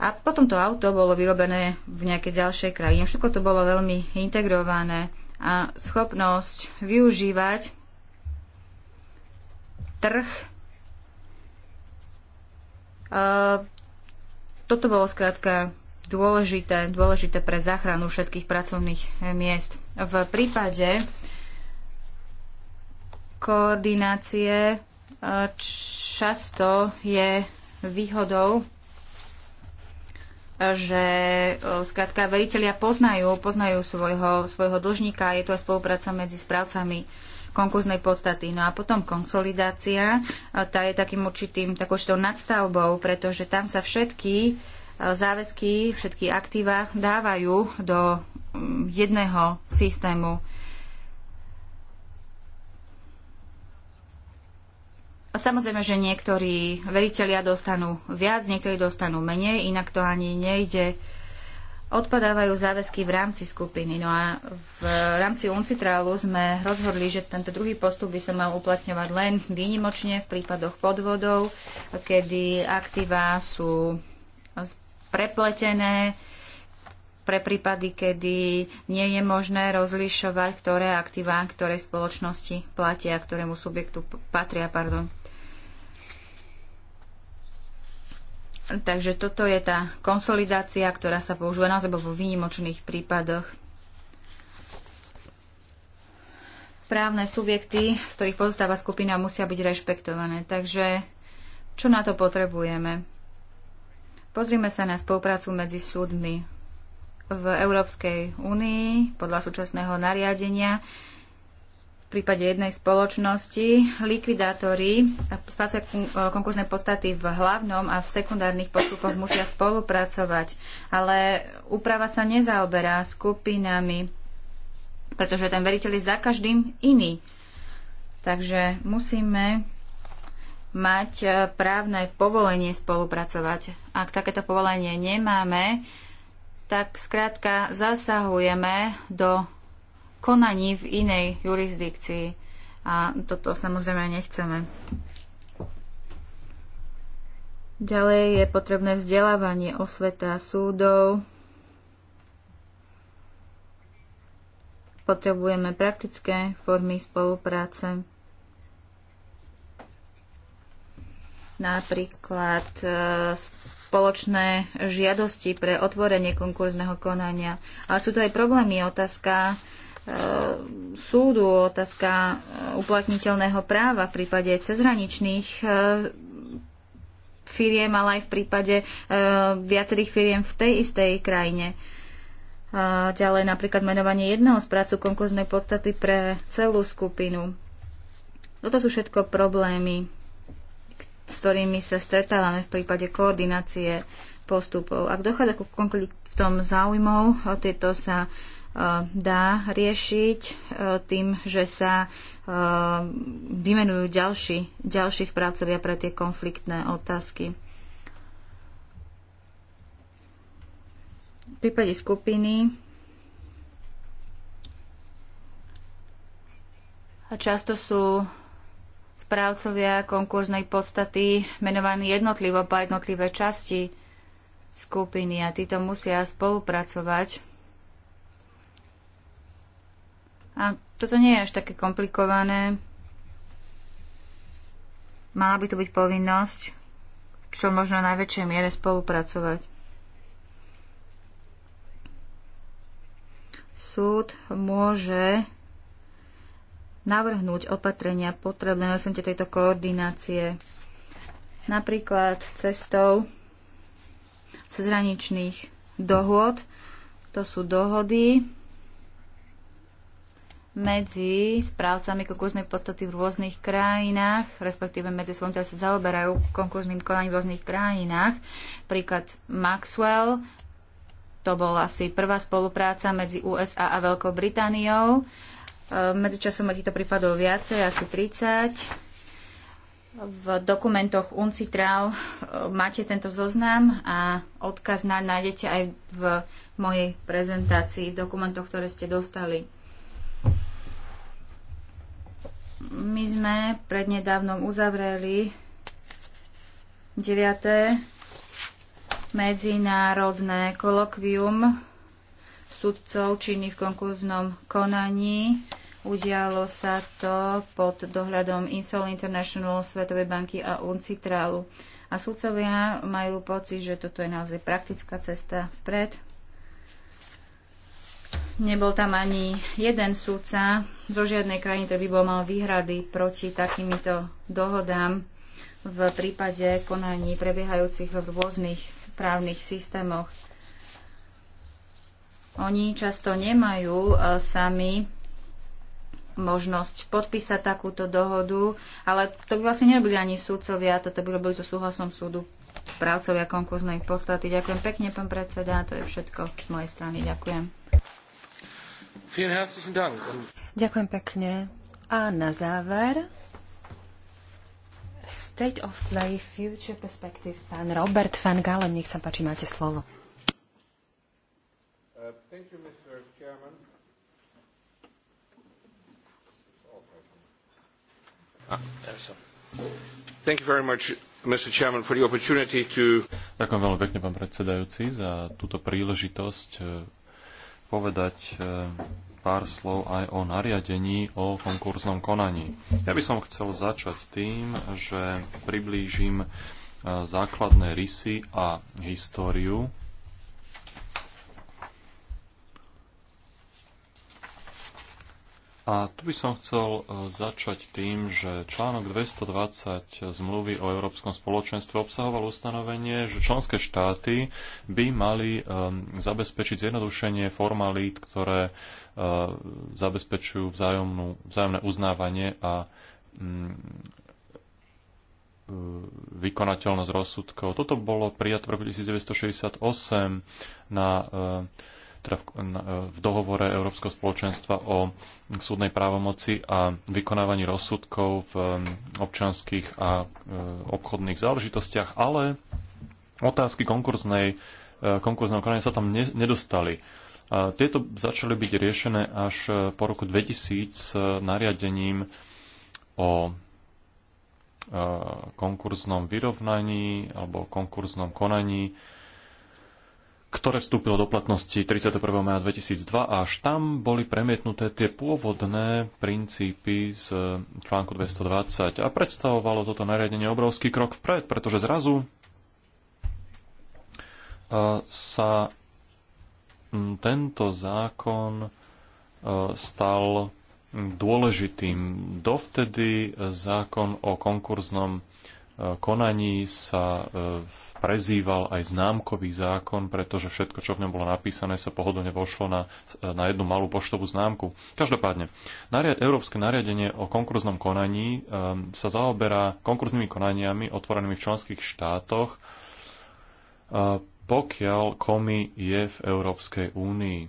A potom to auto bolo vyrobené v nejakej ďalšej krajine. Všetko to bolo veľmi integrované a schopnosť využívať trh. E, toto bolo skrátka dôležité, dôležité pre záchranu všetkých pracovných miest. V prípade koordinácie e, často je výhodou že e, skrátka veriteľia poznajú, poznajú svojho, svojho dlžníka, je to aj spolupráca medzi správcami konkurznej podstaty. No a potom konsolidácia, e, tá je takým určitým, takou určitou nadstavbou, pretože tam sa všetky e, záväzky, všetky aktíva dávajú do jedného systému A samozrejme, že niektorí veriteľia dostanú viac, niektorí dostanú menej, inak to ani nejde. Odpadávajú záväzky v rámci skupiny. No a v rámci Uncitrálu sme rozhodli, že tento druhý postup by sa mal uplatňovať len výnimočne v prípadoch podvodov, kedy aktíva sú prepletené, pre prípady, kedy nie je možné rozlišovať, ktoré aktíva, ktoré spoločnosti platia, ktorému subjektu patria. Pardon. Takže toto je tá konsolidácia, ktorá sa používa naozaj vo výnimočných prípadoch. Právne subjekty, z ktorých pozostáva skupina, musia byť rešpektované. Takže čo na to potrebujeme? Pozrime sa na spoluprácu medzi súdmi. V Európskej únii podľa súčasného nariadenia prípade jednej spoločnosti likvidátori a spracovia e, konkursnej podstaty v hlavnom a v sekundárnych postupoch musia spolupracovať, ale úprava sa nezaoberá skupinami, pretože ten veriteľ je za každým iný. Takže musíme mať e, právne povolenie spolupracovať. Ak takéto povolenie nemáme, tak skrátka zasahujeme do konaní v inej jurisdikcii. A toto samozrejme nechceme. Ďalej je potrebné vzdelávanie osveta súdov. Potrebujeme praktické formy spolupráce. Napríklad e, spoločné žiadosti pre otvorenie konkurzného konania. Ale sú tu aj problémy. Otázka E, súdu, otázka e, uplatniteľného práva v prípade cezhraničných e, firiem, ale aj v prípade viacerých firiem v tej istej krajine. A ďalej napríklad menovanie jedného z prácu konkurznej podstaty pre celú skupinu. Toto sú všetko problémy, s ktorými sa stretávame v prípade koordinácie postupov. Ak dochádza ku konfliktom záujmov, tieto sa uh, dá riešiť e, tým, že sa e, vymenujú ďalší, ďalší správcovia pre tie konfliktné otázky. V prípade skupiny často sú správcovia konkurznej podstaty menovaní jednotlivo po jednotlivé časti skupiny a títo musia spolupracovať a toto nie je až také komplikované. Mala by to byť povinnosť, čo možno na najväčšej miere spolupracovať. Súd môže navrhnúť opatrenia potrebné na svete tejto koordinácie. Napríklad cestou cezhraničných dohôd. To sú dohody, medzi správcami konkurznej podstaty v rôznych krajinách, respektíve medzi svojom, ktoré sa zaoberajú konkurzným konaním v rôznych krajinách. Príklad Maxwell, to bola asi prvá spolupráca medzi USA a Veľkou Britániou. E, medzičasom je týchto prípadov viacej, asi 30. V dokumentoch UNCITRAL e, máte tento zoznam a odkaz na nájdete aj v mojej prezentácii, v dokumentoch, ktoré ste dostali. My sme prednedávnom uzavreli 9. medzinárodné kolokvium sudcov činných v konkurznom konaní. Udialo sa to pod dohľadom Insol International, Svetovej banky a uncitralu. A sudcovia majú pocit, že toto je naozaj praktická cesta vpred Nebol tam ani jeden súdca zo žiadnej krajiny, ktorý by bol mal výhrady proti takýmito dohodám v prípade konaní prebiehajúcich v rôznych právnych systémoch. Oni často nemajú e, sami možnosť podpísať takúto dohodu, ale to by vlastne nerobili ani súdcovia, toto by robili so súhlasom súdu správcovia konkurznej podstaty. Ďakujem pekne, pán predseda, to je všetko z mojej strany. Ďakujem. Ďakujem pekne. A na záver State of Play Future Perspective, pán Robert van Galen, nech sa páči, máte slovo. Uh, ah, Ďakujem veľmi pekne, pán predsedajúci, za túto príležitosť eh, povedať eh, pár slov aj o nariadení o konkurznom konaní. Ja by som chcel začať tým, že priblížim eh, základné rysy a históriu A tu by som chcel e, začať tým, že článok 220 zmluvy o Európskom spoločenstve obsahoval ustanovenie, že členské štáty by mali e, zabezpečiť zjednodušenie formalít, ktoré e, zabezpečujú vzájomnú, vzájomné uznávanie a mm, vykonateľnosť rozsudkov. Toto bolo prijaté v roku 1968 na teda v, v dohovore Európskeho spoločenstva o súdnej právomoci a vykonávaní rozsudkov v um, občanských a uh, obchodných záležitostiach, ale otázky konkurznej, uh, konkurzného konania sa tam ne, nedostali. A tieto začali byť riešené až uh, po roku 2000 s nariadením o konkurznom vyrovnaní alebo konkurznom konaní ktoré vstúpilo do platnosti 31. maja 2002 až tam boli premietnuté tie pôvodné princípy z článku 220 a predstavovalo toto nariadenie obrovský krok vpred, pretože zrazu e, sa tento zákon e, stal dôležitým. Dovtedy zákon o konkurznom e, konaní sa v prezýval aj známkový zákon, pretože všetko, čo v ňom bolo napísané, sa pohodlne vošlo na, na jednu malú poštovú známku. Každopádne, nariad, Európske nariadenie o konkurznom konaní um, sa zaoberá konkurznými konaniami otvorenými v členských štátoch, uh, pokiaľ komi je v Európskej únii.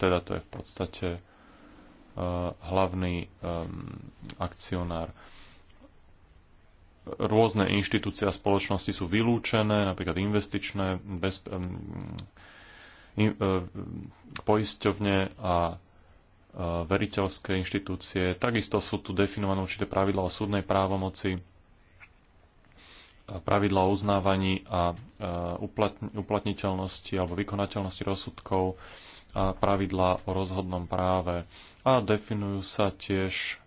Teda to je v podstate uh, hlavný um, akcionár rôzne inštitúcie a spoločnosti sú vylúčené, napríklad investičné, bez, in, e, poisťovne a e, veriteľské inštitúcie. Takisto sú tu definované určité pravidla o súdnej právomoci, e, pravidla o uznávaní a uplatniteľnosti alebo vykonateľnosti rozsudkov a pravidla o rozhodnom práve. A definujú sa tiež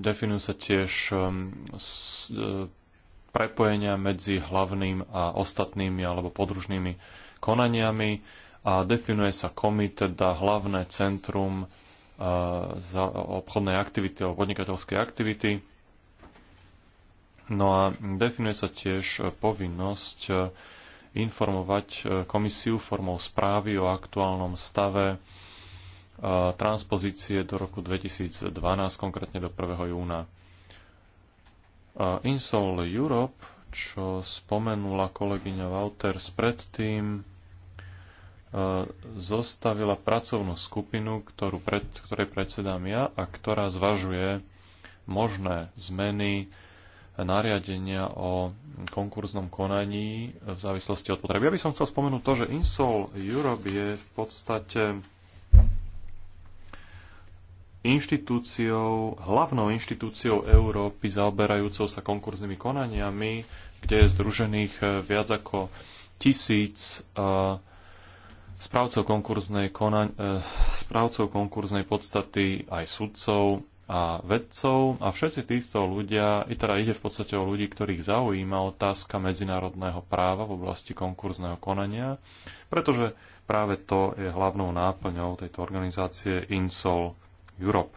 Definujú sa tiež um, e, prepojenia medzi hlavným a ostatnými alebo podružnými konaniami a definuje sa komi, teda hlavné centrum e, za obchodnej aktivity alebo podnikateľskej aktivity. No a definuje sa tiež povinnosť e, informovať komisiu formou správy o aktuálnom stave transpozície do roku 2012, konkrétne do 1. júna. Insol Europe, čo spomenula kolegyňa Wouters predtým, e, zostavila pracovnú skupinu, ktorú pred, ktorej predsedám ja a ktorá zvažuje možné zmeny nariadenia o konkurznom konaní v závislosti od potreby. Ja by som chcel spomenúť to, že Insol Europe je v podstate inštitúciou, hlavnou inštitúciou Európy zaoberajúcou sa konkurznými konaniami, kde je združených eh, viac ako tisíc eh, správcov konkurznej, konaň, eh, správcov konkurznej podstaty aj sudcov a vedcov a všetci týchto ľudia, i teda ide v podstate o ľudí, ktorých zaujíma otázka medzinárodného práva v oblasti konkurzného konania, pretože práve to je hlavnou náplňou tejto organizácie INSOL Europe.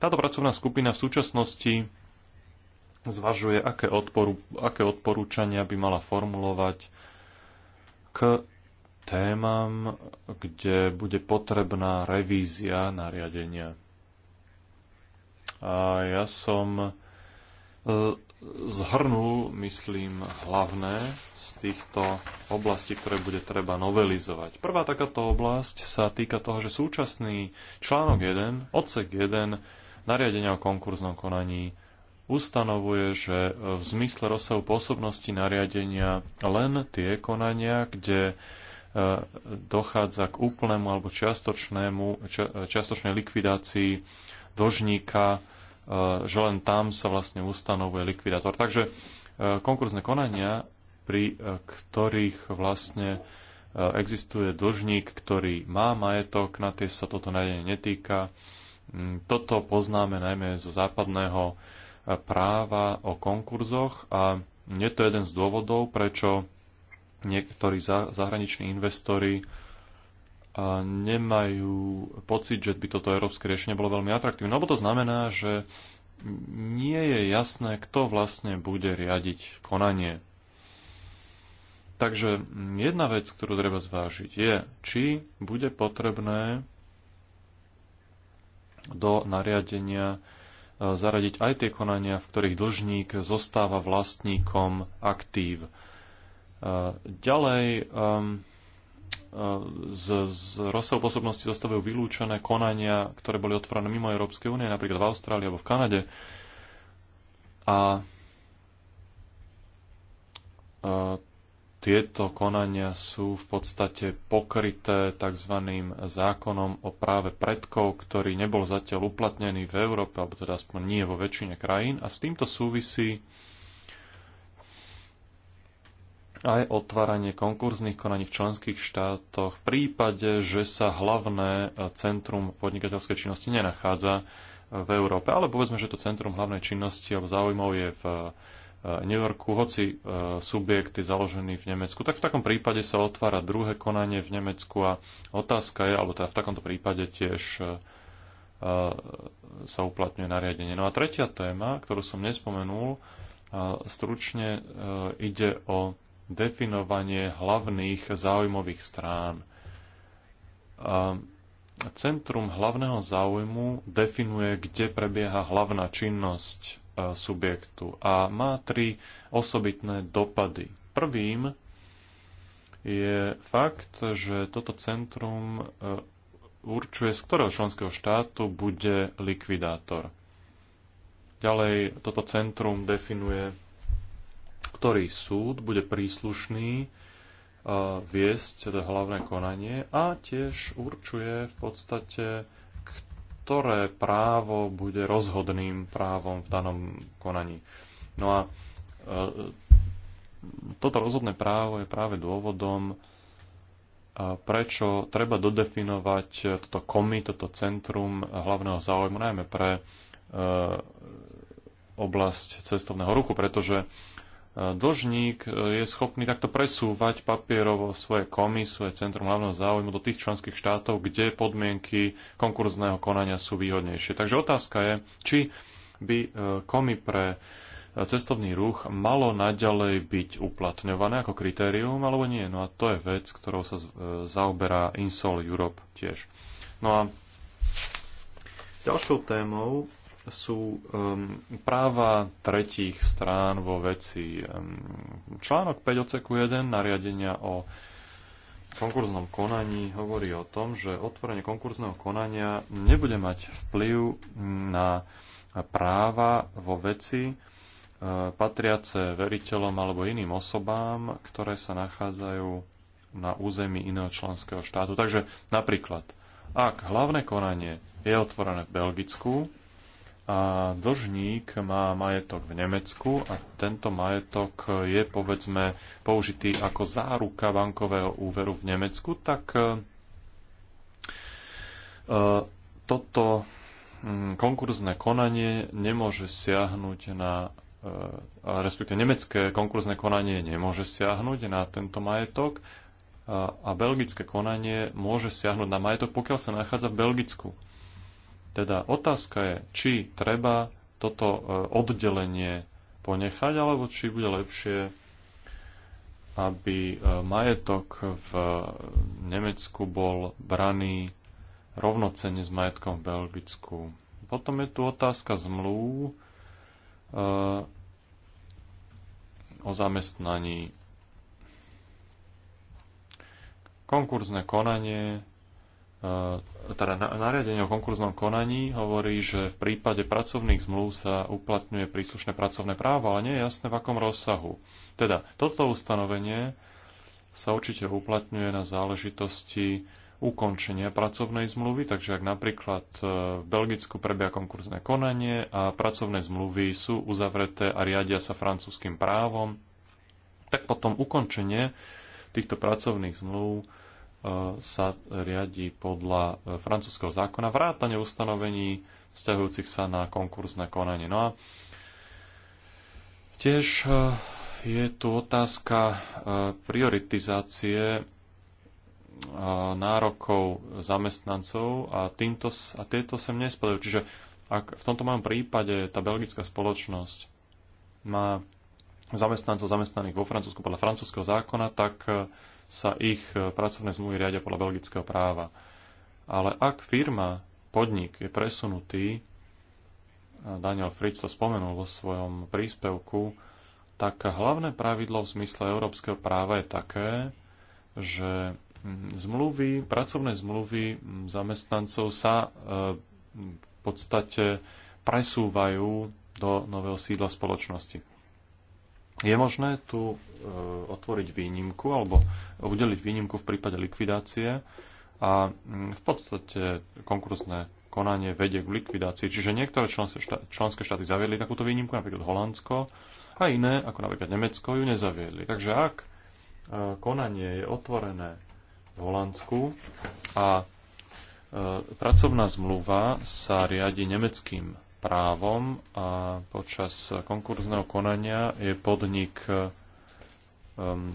Táto pracovná skupina v súčasnosti zvažuje, aké, odporu, aké odporúčania by mala formulovať k témam, kde bude potrebná revízia nariadenia. A ja som e, zhrnul, myslím, hlavné z týchto oblastí, ktoré bude treba novelizovať. Prvá takáto oblasť sa týka toho, že súčasný článok 1, odsek 1 nariadenia o konkurznom konaní ustanovuje, že v zmysle rozsahu pôsobnosti nariadenia len tie konania, kde e, dochádza k úplnému alebo čiastočnému, čiastočnej likvidácii dožníka Eh, že len tam sa vlastne ustanovuje likvidátor. Takže eh, konkurzne konania, pri eh, ktorých vlastne existuje dlžník, ktorý má majetok, na tie sa toto najdenie netýka. Mm, toto poznáme najmä zo západného práva o konkurzoch a je to jeden z dôvodov, prečo niektorí zahraniční investori nemajú pocit, že by toto európske riešenie bolo veľmi atraktívne. Lebo to znamená, že nie je jasné, kto vlastne bude riadiť konanie. Takže jedna vec, ktorú treba zvážiť, je, či bude potrebné do nariadenia e, zaradiť aj tie konania, v ktorých dlžník zostáva vlastníkom aktív. E, ďalej, um, z, z rozsahu pôsobnosti zostavujú vylúčené konania, ktoré boli otvorené mimo Európskej únie, napríklad v Austrálii alebo v Kanade. A, a e, tieto konania sú v podstate pokryté tzv. zákonom o práve predkov, ktorý nebol zatiaľ uplatnený v Európe, alebo teda aspoň nie vo väčšine krajín. A s týmto súvisí aj otváranie konkurzných konaní v členských štátoch v prípade, že sa hlavné eh, centrum podnikateľskej činnosti nenachádza eh, v Európe. Ale povedzme, že to centrum hlavnej činnosti alebo záujmov je v eh, New Yorku, hoci subjekt je založený v Nemecku, tak v takom prípade sa otvára druhé konanie v Nemecku a otázka je, alebo teda v takomto prípade tiež sa uplatňuje nariadenie. No a tretia téma, ktorú som nespomenul, stručne ide o definovanie hlavných záujmových strán. Centrum hlavného záujmu definuje, kde prebieha hlavná činnosť e, subjektu a má tri osobitné dopady. Prvým je fakt, že toto centrum e, určuje, z ktorého členského štátu bude likvidátor. Ďalej toto centrum definuje ktorý súd bude príslušný e, viesť to hlavné konanie a tiež určuje v podstate, ktoré právo bude rozhodným právom v danom konaní. No a e, toto rozhodné právo je práve dôvodom, e, prečo treba dodefinovať toto komi, toto centrum hlavného záujmu, najmä pre oblasť cestovného ruchu, pretože dlžník e, je schopný takto presúvať papierovo svoje komy, svoje centrum hlavného záujmu do tých členských štátov, kde podmienky konkurzného konania sú výhodnejšie. Takže otázka je, či by e, komy pre e, cestovný ruch malo naďalej byť uplatňované ako kritérium, alebo nie. No a to je vec, ktorou sa zaoberá Insol Europe tiež. No a ďalšou témou sú um, práva tretích strán vo veci. Um, článok 5 oceku 1 nariadenia o konkurznom konaní hovorí o tom, že otvorenie konkurzného konania nebude mať vplyv na práva vo veci uh, patriace veriteľom alebo iným osobám, ktoré sa nachádzajú na území iného členského štátu. Takže napríklad, ak hlavné konanie je otvorené v Belgicku, a dlžník má majetok v Nemecku a tento majetok je povedzme použitý ako záruka bankového úveru v Nemecku, tak e, toto mm, konkurzné konanie nemôže siahnuť na e, respektíve nemecké konkurzné konanie nemôže siahnuť na tento majetok a belgické konanie môže siahnuť na majetok, pokiaľ sa nachádza v Belgicku. Teda otázka je, či treba toto e, oddelenie ponechať, alebo či bude lepšie, aby e, majetok v e, Nemecku bol braný rovnocene s majetkom v Belgicku. Potom je tu otázka zmluv o zamestnaní. Konkurzne konanie E, teda nariadenie o konkurznom konaní hovorí, že v prípade pracovných zmluv sa uplatňuje príslušné pracovné právo, ale nie je jasné v akom rozsahu. Teda toto ustanovenie sa určite uplatňuje na záležitosti ukončenia pracovnej zmluvy, takže ak napríklad e, v Belgicku prebieha konkurzné konanie a pracovné zmluvy sú uzavreté a riadia sa francúzským právom, tak potom ukončenie týchto pracovných zmluv E, sa riadi podľa e, francúzského zákona vrátane ustanovení vzťahujúcich sa na konkurzné konanie. No a tiež e, je tu otázka prioritizácie nárokov zamestnancov a, týmto, a tieto sem nespadajú. Čiže ak v tomto mojom prípade tá belgická spoločnosť má zamestnancov zamestnaných vo Francúzsku podľa francúzského zákona, tak sa ich e, pracovné zmluvy riadia podľa belgického práva. Ale ak firma, podnik je presunutý, Daniel Fritz to spomenul vo svojom príspevku, tak hlavné pravidlo v zmysle európskeho práva je také, že zmluvy, pracovné zmluvy zamestnancov sa e, v podstate presúvajú do nového sídla spoločnosti. Je možné tu e, otvoriť výnimku alebo udeliť výnimku v prípade likvidácie a mm, v podstate konkursné konanie vedie k likvidácii. Čiže niektoré členské štáty zaviedli takúto výnimku, napríklad Holandsko, a iné, ako napríklad Nemecko, ju nezaviedli. Takže ak e, konanie je otvorené v Holandsku a e, pracovná zmluva sa riadi nemeckým právom a počas konkurzného konania je podnik um,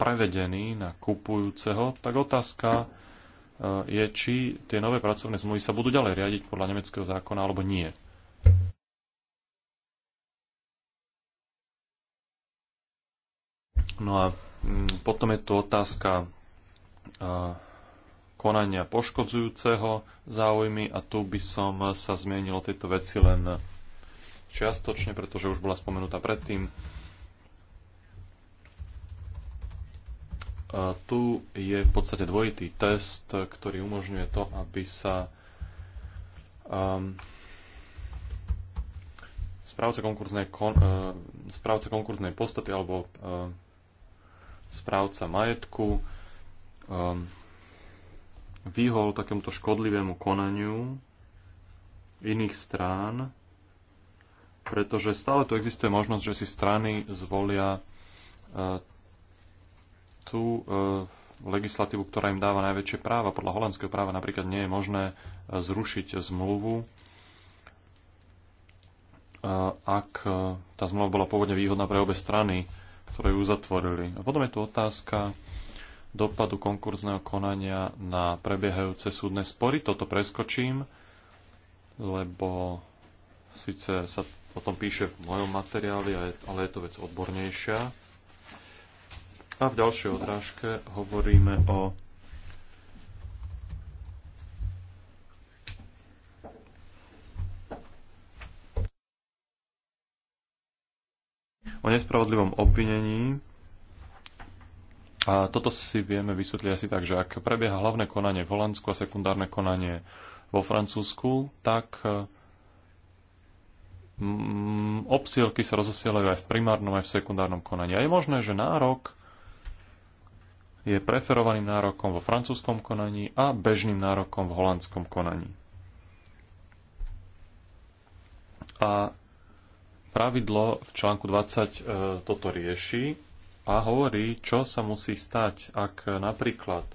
prevedený na kupujúceho, tak otázka uh, je, či tie nové pracovné zmluvy sa budú ďalej riadiť podľa nemeckého zákona alebo nie. No a mm, potom je tu otázka uh, konania poškodzujúceho záujmy a tu by som sa zmienil o tejto veci len čiastočne, pretože už bola spomenutá predtým. Tu je v podstate dvojitý test, ktorý umožňuje to, aby sa um, správca, konkurznej kon, uh, správca konkurznej postaty alebo uh, správca majetku um, vyhol takémuto škodlivému konaniu iných strán, pretože stále tu existuje možnosť, že si strany zvolia e, tú e, legislatívu, ktorá im dáva najväčšie práva. Podľa holandského práva napríklad nie je možné e, zrušiť zmluvu, ak tá zmluva bola pôvodne výhodná pre obe strany, ktoré ju uzatvorili. A potom je tu otázka dopadu konkurzného konania na prebiehajúce súdne spory. Toto preskočím, lebo síce sa o tom píše v mojom materiáli, ale je to vec odbornejšia. A v ďalšej odrážke hovoríme o o nespravodlivom obvinení a toto si vieme vysvetliť asi tak, že ak prebieha hlavné konanie v Holandsku a sekundárne konanie vo Francúzsku, tak mm, obsielky sa rozosielajú aj v primárnom, aj v sekundárnom konaní. A je možné, že nárok je preferovaným nárokom vo francúzskom konaní a bežným nárokom v holandskom konaní. A pravidlo v článku 20 e, toto rieši a hovorí, čo sa musí stať, ak napríklad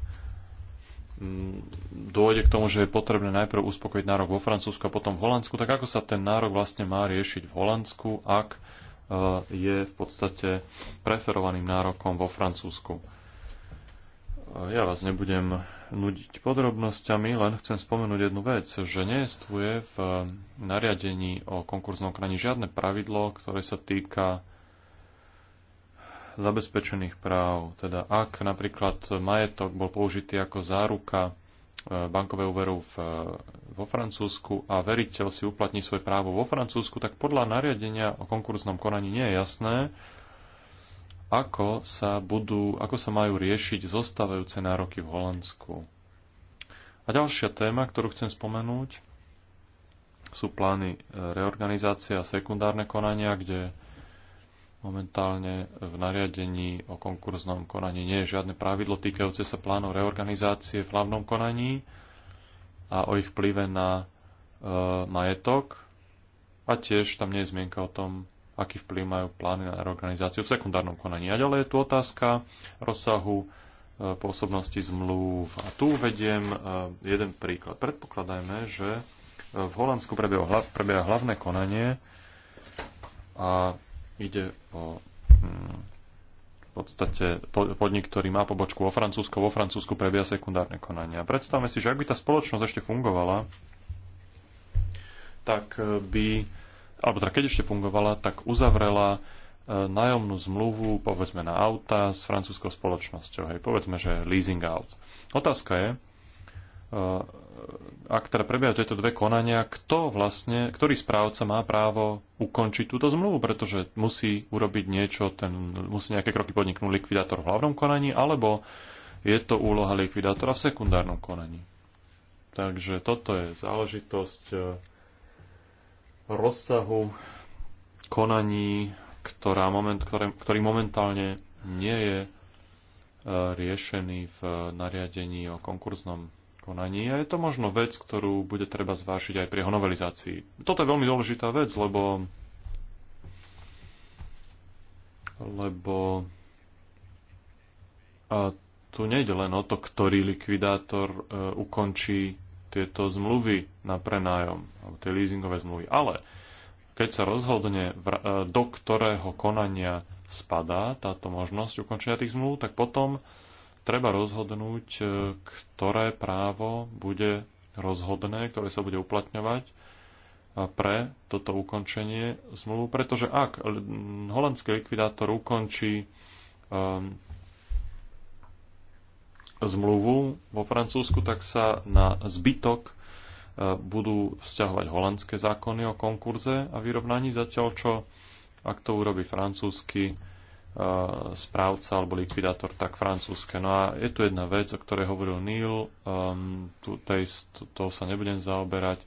mm, dôjde k tomu, že je potrebné najprv uspokojiť nárok vo Francúzsku a potom v Holandsku, tak ako sa ten nárok vlastne má riešiť v Holandsku, ak e, je v podstate preferovaným nárokom vo Francúzsku. E, ja vás nebudem nudiť podrobnosťami, len chcem spomenúť jednu vec, že neestuje v e, nariadení o konkurznom kraní žiadne pravidlo, ktoré sa týka zabezpečených práv. Teda ak napríklad majetok bol použitý ako záruka e, bankového úveru v, e, vo Francúzsku a veriteľ si uplatní svoje právo vo Francúzsku, tak podľa nariadenia o konkurznom konaní nie je jasné, ako sa, budú, ako sa majú riešiť zostávajúce nároky v Holandsku. A ďalšia téma, ktorú chcem spomenúť, sú plány e, reorganizácie a sekundárne konania, kde Momentálne v nariadení o konkurznom konaní nie je žiadne pravidlo týkajúce sa plánov reorganizácie v hlavnom konaní a o ich vplyve na e, majetok. A tiež tam nie je zmienka o tom, aký vplyv majú plány na reorganizáciu v sekundárnom konaní. A ďalej je tu otázka rozsahu e, pôsobnosti zmluv. A tu uvediem e, jeden príklad. Predpokladajme, že e, v Holandsku prebieha, hlavné konanie a Ide o mm, v podstate podnik, ktorý má pobočku vo Francúzsku, vo Francúzsku prebieha sekundárne konania. Predstavme si, že ak by tá spoločnosť ešte fungovala, tak eh, by, alebo teda keď ešte fungovala, tak uzavrela eh, nájomnú zmluvu, povedzme, na auta s francúzskou spoločnosťou. Hej, povedzme, že leasing out. Otázka je, eh, ak teda prebiehajú tieto dve konania, kto vlastne, ktorý správca má právo ukončiť túto zmluvu, pretože musí urobiť niečo, ten, musí nejaké kroky podniknúť likvidátor v hlavnom konaní, alebo je to úloha likvidátora v sekundárnom konaní. Takže toto je záležitosť e, rozsahu konaní, ktorá moment, ktoré, ktorý momentálne nie je e, riešený v e, nariadení o konkurznom konaní. A je to možno vec, ktorú bude treba zvážiť aj pri jeho novelizácii. Toto je veľmi dôležitá vec, lebo lebo a tu nejde len o to, ktorý likvidátor e, ukončí tieto zmluvy na prenájom, alebo tie leasingové zmluvy. Ale keď sa rozhodne, e, do ktorého konania spadá táto možnosť ukončenia tých zmluv, tak potom treba rozhodnúť, e, ktoré právo bude rozhodné, ktoré sa bude uplatňovať e, pre toto ukončenie zmluvu, pretože ak holandský likvidátor ukončí um, zmluvu vo Francúzsku, tak sa na zbytok e, budú vzťahovať holandské zákony o konkurze a vyrovnaní, zatiaľ čo ak to urobí francúzsky správca alebo likvidátor, tak francúzske. No a je tu jedna vec, o ktorej hovoril Neil, um, tu, tej, to, to sa nebudem zaoberať,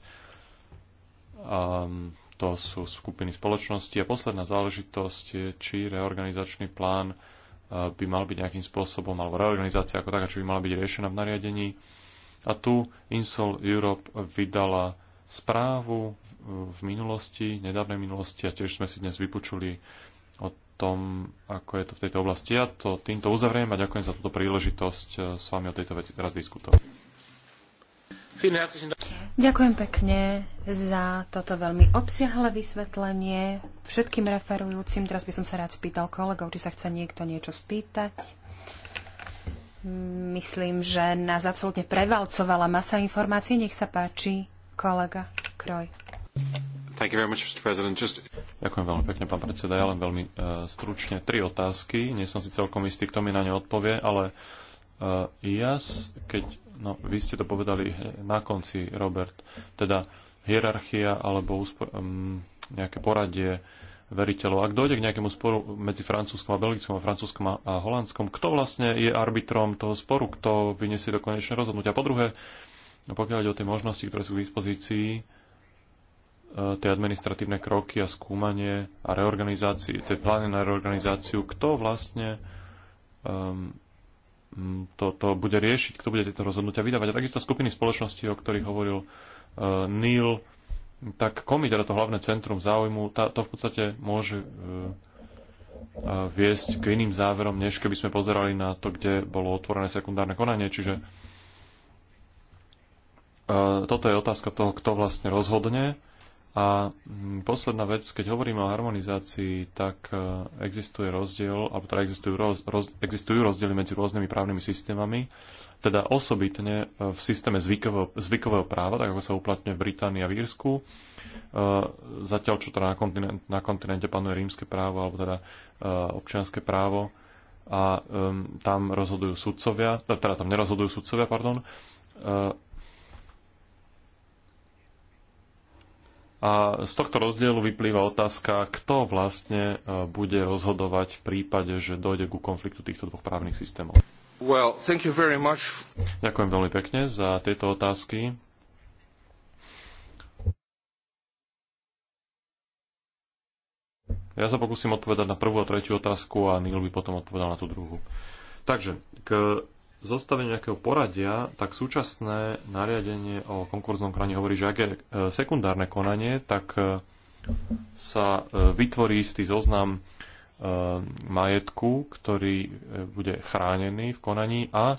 um, to sú skupiny spoločnosti. A posledná záležitosť je, či reorganizačný plán uh, by mal byť nejakým spôsobom, alebo reorganizácia ako taká, či by mala byť riešená v nariadení. A tu Insol Europe vydala správu v minulosti, nedávnej minulosti, a tiež sme si dnes vypočuli tom, ako je to v tejto oblasti. Ja to týmto uzavriem a ďakujem za túto príležitosť eh, s vami o tejto veci teraz diskutovať. Ďakujem pekne za toto veľmi obsiahle vysvetlenie všetkým referujúcim. Teraz by som sa rád spýtal kolegov, či sa chce niekto niečo spýtať. Myslím, že nás absolútne prevalcovala masa informácií. Nech sa páči, kolega Kroj. Much, Just... Ďakujem veľmi pekne, pán predseda. Ja len veľmi uh, stručne tri otázky. Nie som si celkom istý, kto mi na ne odpovie, ale uh, ja, keď, no, vy ste to povedali na konci, Robert, teda hierarchia alebo uspo- um, nejaké poradie veriteľov. Ak dojde k nejakému sporu medzi Francúzskom a Belgickom a Francúzskom a Holandskom, kto vlastne je arbitrom toho sporu, kto vyniesie do konečného rozhodnutia? Po druhé, no, pokiaľ ide o tie možnosti, ktoré sú k dispozícii, Eh, tie administratívne kroky a skúmanie a reorganizácie, tie plány na reorganizáciu, kto vlastne um, toto bude riešiť, kto bude tieto rozhodnutia vydávať. A takisto skupiny spoločnosti, o ktorých hovoril uh, Neil, tak komi, teda to hlavné centrum záujmu, tá, to v podstate môže uh, uh, viesť k iným záverom, než keby sme pozerali na to, kde bolo otvorené sekundárne konanie. Čiže uh, toto je otázka toho, kto vlastne rozhodne a mm, posledná vec, keď hovoríme o harmonizácii, tak e, existuje rozdiel, alebo teda existujú, roz, roz, existujú rozdiely medzi rôznymi právnymi systémami, teda osobitne e, v systéme zvykového, zvykového práva, tak ako sa uplatňuje v Británii a v Írsku, e, zatiaľ čo teda na, kontinent, na kontinente panuje rímske právo, alebo teda občianské právo, a um, tam rozhodujú sudcovia, teda tam nerozhodujú sudcovia, pardon, uh, A z tohto rozdielu vyplýva otázka, kto vlastne e, bude rozhodovať v prípade, že dojde ku konfliktu týchto dvoch právnych systémov. Well, thank you very much. Ďakujem veľmi pekne za tieto otázky. Ja sa pokúsim odpovedať na prvú a tretiu otázku a Neil by potom odpovedal na tú druhú. Takže k zostavenie nejakého poradia, tak súčasné nariadenie o konkurznom konaní hovorí, že ak je e, sekundárne konanie, tak e, sa e, vytvorí istý zoznam majetku, ktorý bude chránený v konaní a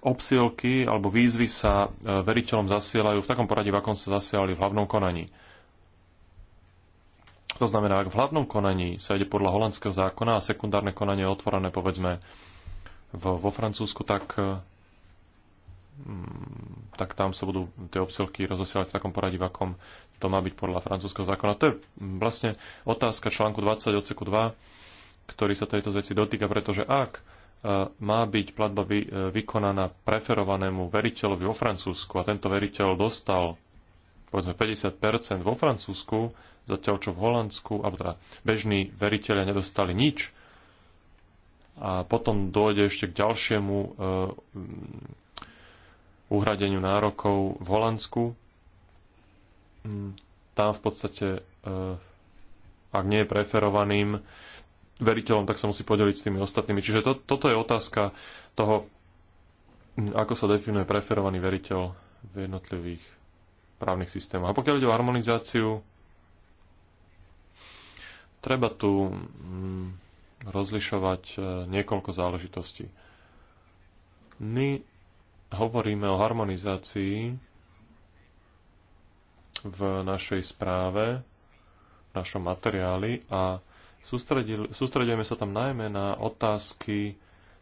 obsielky alebo výzvy sa veriteľom zasielajú v takom poradí, v akom sa zasielali v hlavnom konaní. To znamená, ak v hlavnom konaní sa ide podľa holandského zákona a sekundárne konanie je otvorené, povedzme, vo Francúzsku, tak, eh, mm, tak tam sa budú tie obsilky rozosielať v takom poradí, v akom to má byť podľa francúzského zákona. To je mm, vlastne otázka článku 20 odseku 2, ktorý sa tejto veci dotýka, pretože ak eh, má byť platba eh, vykonaná preferovanému veriteľovi vo Francúzsku a tento veriteľ dostal povedzme 50% vo Francúzsku, zatiaľ čo v Holandsku, alebo teda bežní veriteľia nedostali nič. A potom dojde ešte k ďalšiemu uh, uhradeniu nárokov v Holandsku. Mm, tam v podstate, uh, ak nie je preferovaným veriteľom, tak sa musí podeliť s tými ostatnými. Čiže to, toto je otázka toho, mm, ako sa definuje preferovaný veriteľ v jednotlivých právnych systémov. A pokiaľ ide o harmonizáciu, treba tu mm, rozlišovať e, niekoľko záležitostí. My hovoríme o harmonizácii v našej správe, v našom materiáli a sústredujeme sa tam najmä na otázky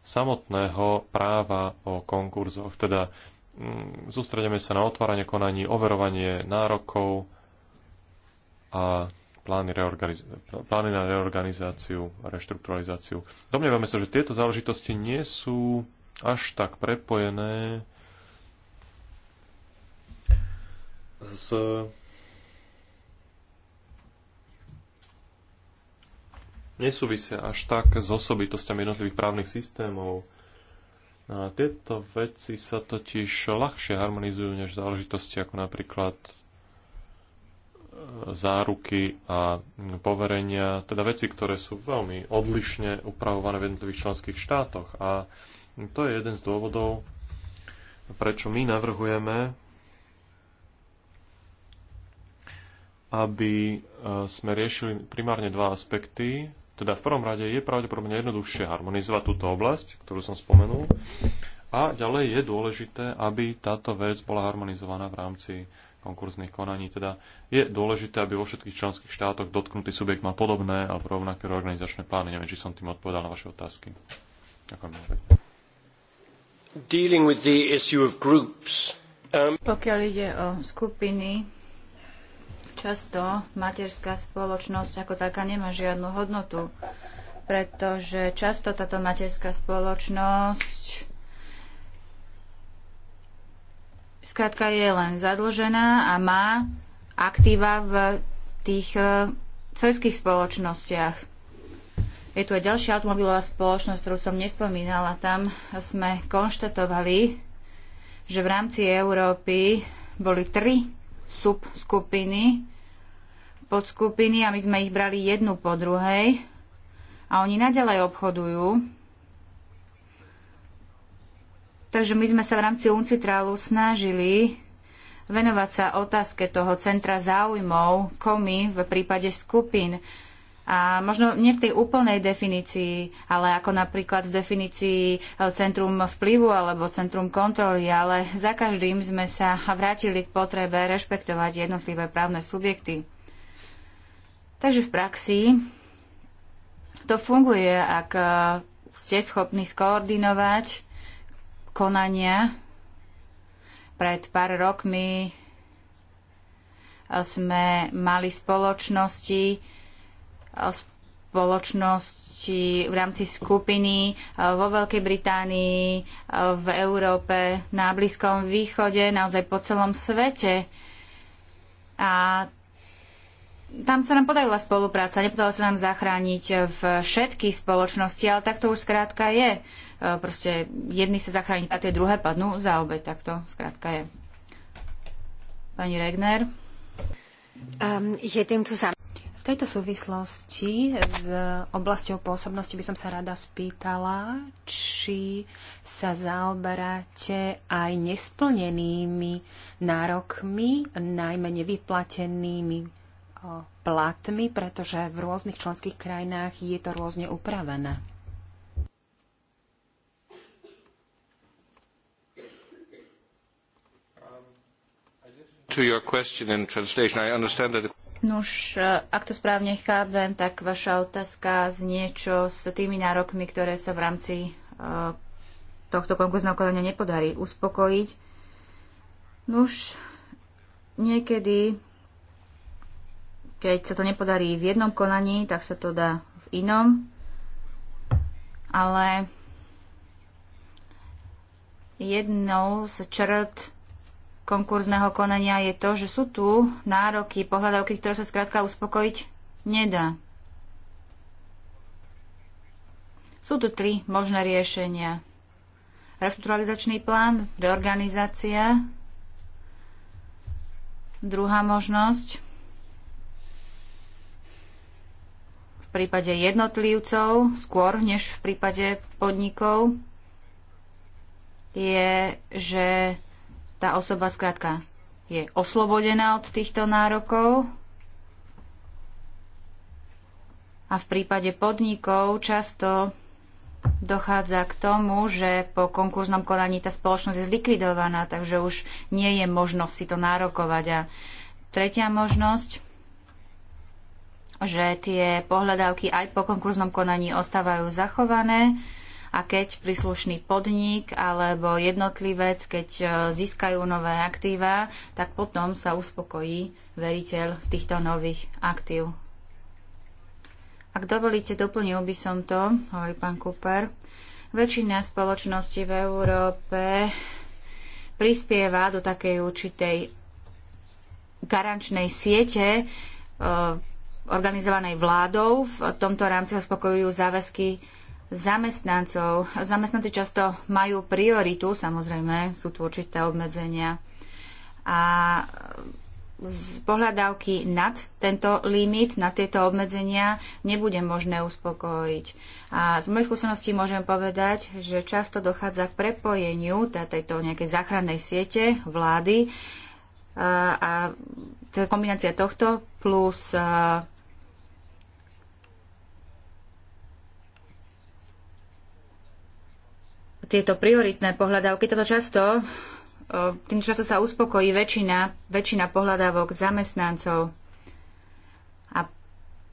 samotného práva o konkurzoch, teda Mm, Sústredíme sa na otváranie konaní, overovanie nárokov a plány, reorganiz- plány na reorganizáciu, reštrukturalizáciu. Domnievame sa, že tieto záležitosti nie sú až tak prepojené s nesúvisia až tak s osobitosťami jednotlivých právnych systémov. No a tieto veci sa totiž ľahšie harmonizujú než záležitosti ako napríklad e, záruky a poverenia, teda veci, ktoré sú veľmi odlišne upravované v jednotlivých členských štátoch. A to je jeden z dôvodov, prečo my navrhujeme, aby e, sme riešili primárne dva aspekty teda v prvom rade je pravdepodobne jednoduchšie harmonizovať túto oblasť, ktorú som spomenul. A ďalej je dôležité, aby táto vec bola harmonizovaná v rámci konkurzných konaní. Teda je dôležité, aby vo všetkých členských štátoch dotknutý subjekt mal podobné a rovnaké organizačné plány. Neviem, či som tým odpovedal na vaše otázky. Ďakujem Dealing with the issue of groups, um... Pokiaľ ide o skupiny, Často materská spoločnosť ako taká nemá žiadnu hodnotu, pretože často táto materská spoločnosť skrátka je len zadlžená a má aktíva v tých eh, cerských spoločnostiach. Je tu aj ďalšia automobilová spoločnosť, ktorú som nespomínala. Tam sme konštatovali, že v rámci Európy boli tri subskupiny, podskupiny a my sme ich brali jednu po druhej a oni naďalej obchodujú. Takže my sme sa v rámci Uncitrálu snažili venovať sa otázke toho centra záujmov komy v prípade skupín a možno nie v tej úplnej definícii, ale ako napríklad v definícii e, centrum vplyvu alebo centrum kontroly, ale za každým sme sa vrátili k potrebe rešpektovať jednotlivé právne subjekty. Takže v praxi to funguje, ak e, ste schopní skoordinovať konania. Pred pár rokmi e, sme mali spoločnosti, spoločnosti v rámci skupiny vo Veľkej Británii, v Európe, na Blízkom východe, naozaj po celom svete. A tam sa nám podarila spolupráca, nepodarila sa nám zachrániť všetky spoločnosti, ale tak to už skrátka je. Proste jedni sa zachráni a tie druhé padnú za obe, tak to skrátka je. Pani Regner. Um, ich hätte im Zusammenhang v tejto súvislosti s oblasťou pôsobnosti by som sa rada spýtala, či sa zaoberáte aj nesplnenými nárokmi, najmä nevyplatenými platmi, pretože v rôznych členských krajinách je to rôzne upravené. Um, to your question in translation, I understand that Nuž, ak to správne chápem, tak vaša otázka z niečo s tými nárokmi, ktoré sa v rámci e, tohto konkurzného konania nepodarí uspokojiť. Nuž, niekedy, keď sa to nepodarí v jednom konaní, tak sa to dá v inom, ale jednou z črt konkurzného konania je to, že sú tu nároky, pohľadavky, ktoré sa skrátka uspokojiť nedá. Sú tu tri možné riešenia. Reštrukturalizačný plán, reorganizácia. Druhá možnosť. V prípade jednotlivcov, skôr než v prípade podnikov, je, že tá osoba skrátka je oslobodená od týchto nárokov a v prípade podnikov často dochádza k tomu, že po konkurznom konaní tá spoločnosť je zlikvidovaná, takže už nie je možnosť si to nárokovať. A tretia možnosť, že tie pohľadávky aj po konkurznom konaní ostávajú zachované, a keď príslušný podnik alebo jednotlivec, keď e, získajú nové aktíva, tak potom sa uspokojí veriteľ z týchto nových aktív. Ak dovolíte, doplnil by som to, hovorí pán Cooper. Väčšina spoločností v Európe prispieva do takej určitej garančnej siete, e, organizovanej vládou. V tomto rámci uspokojujú záväzky zamestnancov. Zamestnanci často majú prioritu, samozrejme sú tu určité obmedzenia a z pohľadávky nad tento limit, na tieto obmedzenia nebude možné uspokojiť. A z mojej skúsenosti môžem povedať, že často dochádza k prepojeniu tejto nejakej záchrannej siete vlády a, a teda kombinácia tohto plus a, tieto prioritné pohľadávky, toto často, tým často sa uspokojí väčšina, väčšina pohľadávok zamestnancov. A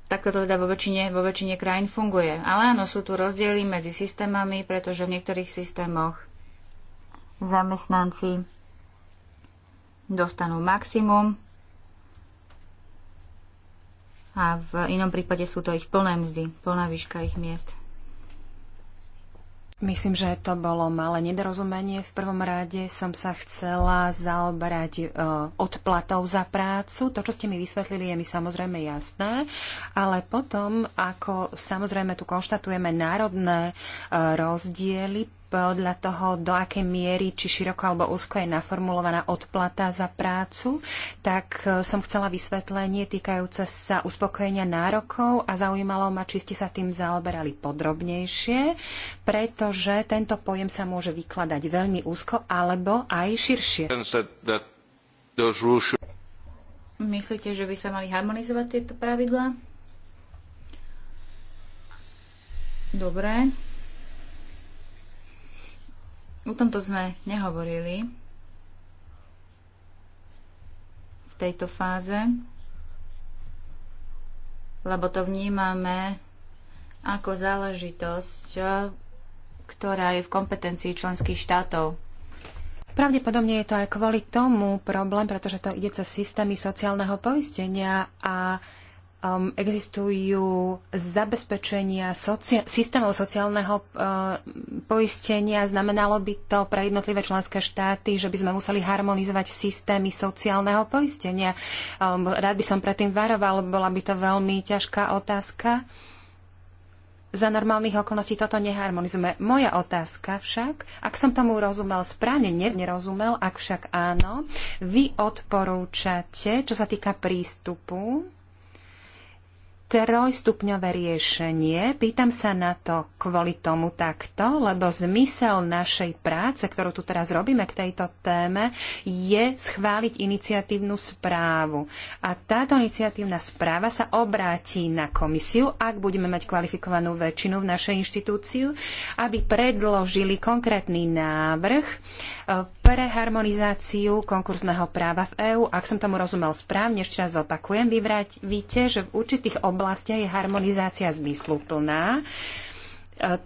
takto to teda vo väčšine, vo väčšine krajín funguje. Ale áno, sú tu rozdiely medzi systémami, pretože v niektorých systémoch zamestnanci dostanú maximum a v inom prípade sú to ich plné mzdy, plná výška ich miest. Myslím, že to bolo malé nedorozumenie. V prvom rade som sa chcela zaoberať e, odplatou za prácu. To, čo ste mi vysvetlili, je mi samozrejme jasné, ale potom, ako samozrejme tu konštatujeme národné e, rozdiely, podľa toho, do akej miery, či široko alebo úzko je naformulovaná odplata za prácu, tak e, som chcela vysvetlenie týkajúce sa uspokojenia nárokov a zaujímalo ma, či ste sa tým zaoberali podrobnejšie, pretože tento pojem sa môže vykladať veľmi úzko alebo aj širšie. Myslíte, že by sa mali harmonizovať tieto pravidlá? Dobre. O tomto sme nehovorili v tejto fáze, lebo to vnímame ako záležitosť, ktorá je v kompetencii členských štátov. Pravdepodobne je to aj kvôli tomu problém, pretože to ide cez systémy sociálneho poistenia a um, existujú zabezpečenia socia- systémov sociálneho uh, poistenia. Znamenalo by to pre jednotlivé členské štáty, že by sme museli harmonizovať systémy sociálneho poistenia. Um, rád by som predtým varoval, bola by to veľmi ťažká otázka. Za normálnych okolností toto neharmonizujeme. Moja otázka však, ak som tomu rozumel správne, nerozumel, ak však áno, vy odporúčate, čo sa týka prístupu trojstupňové riešenie. Pýtam sa na to kvôli tomu takto, lebo zmysel našej práce, ktorú tu teraz robíme k tejto téme, je schváliť iniciatívnu správu. A táto iniciatívna správa sa obráti na komisiu, ak budeme mať kvalifikovanú väčšinu v našej inštitúciu, aby predložili konkrétny návrh e, pre harmonizáciu konkurzného práva v EÚ. Ak som tomu rozumel správne, ešte raz opakujem, vybrať, víte, že v určitých oblastiach je harmonizácia zmysluplná. E,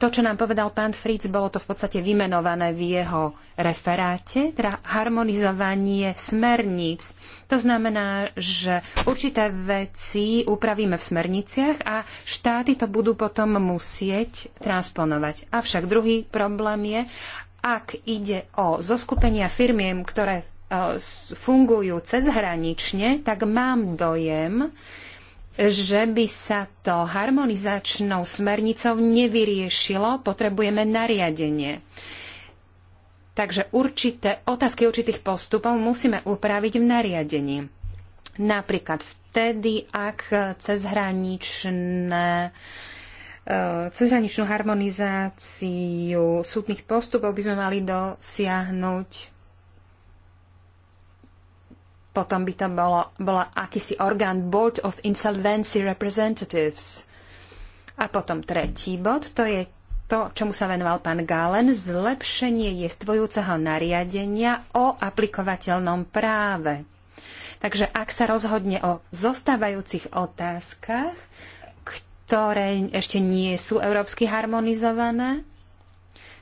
to, čo nám povedal pán Fritz, bolo to v podstate vymenované v jeho referáte, teda harmonizovanie smerníc. To znamená, že určité veci upravíme v smerniciach a štáty to budú potom musieť transponovať. Avšak druhý problém je, ak ide o zoskupenia firmiem, ktoré e, fungujú cezhranične, tak mám dojem, že by sa to harmonizačnou smernicou nevyriešilo, potrebujeme nariadenie. Takže určité otázky určitých postupov musíme upraviť v nariadení. Napríklad vtedy, ak cezhraničné uh, Eh, cezhraničnú harmonizáciu súdnych postupov by sme mali dosiahnuť potom by to bolo, bola akýsi orgán Board of Insolvency Representatives. A potom tretí bod, to je to, čomu sa venoval pán Galen, zlepšenie stvojúceho nariadenia o aplikovateľnom práve. Takže ak sa rozhodne o zostávajúcich otázkach, ktoré ešte nie sú európsky harmonizované.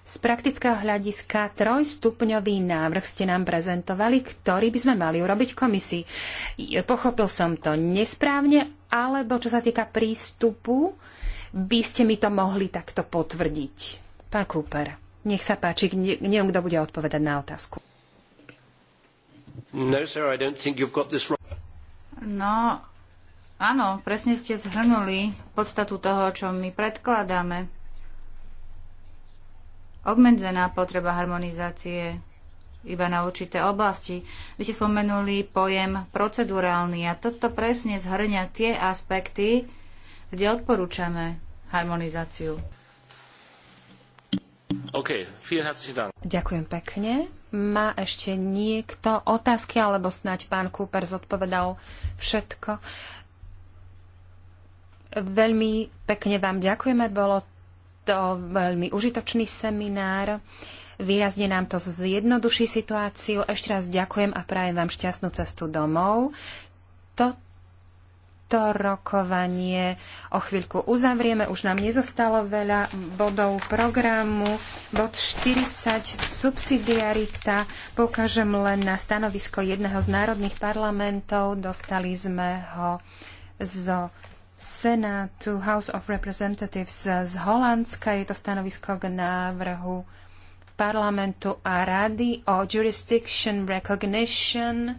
Z praktického hľadiska trojstupňový návrh ste nám prezentovali, ktorý by sme mali urobiť komisii. Pochopil som to nesprávne, alebo čo sa týka prístupu, by ste mi to mohli takto potvrdiť. Pán Cooper, nech sa páči, neviem, kto bude odpovedať na otázku. No, sir, I don't think you've got this wrong. No, Áno, presne ste zhrnuli podstatu toho, čo my predkladáme. Obmedzená potreba harmonizácie iba na určité oblasti. Vy ste spomenuli pojem procedurálny a toto presne zhrňa tie aspekty, kde odporúčame harmonizáciu. Okay, Ďakujem pekne. Má ešte niekto otázky, alebo snáď pán Cooper zodpovedal všetko? Veľmi pekne vám ďakujeme, bolo to veľmi užitočný seminár. Výrazne nám to zjednoduší situáciu. Ešte raz ďakujem a prajem vám šťastnú cestu domov. Toto to rokovanie o chvíľku uzavrieme. Už nám nezostalo veľa bodov programu. Bod 40, subsidiarita. Poukážem len na stanovisko jedného z národných parlamentov. Dostali sme ho zo Senátu House of Representatives z Holandska. Je to stanovisko k návrhu parlamentu a rady o jurisdiction recognition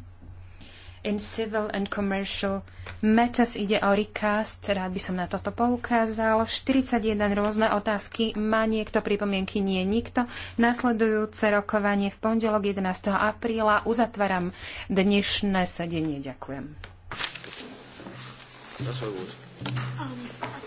in civil and commercial matters. Ide o recast, rád by som na toto poukázal. 41 rôzne otázky. Má niekto pripomienky? Nie, nikto. Nasledujúce rokovanie v pondelok 11. apríla. Uzatváram dnešné sedenie. Ďakujem. That's ale, um, a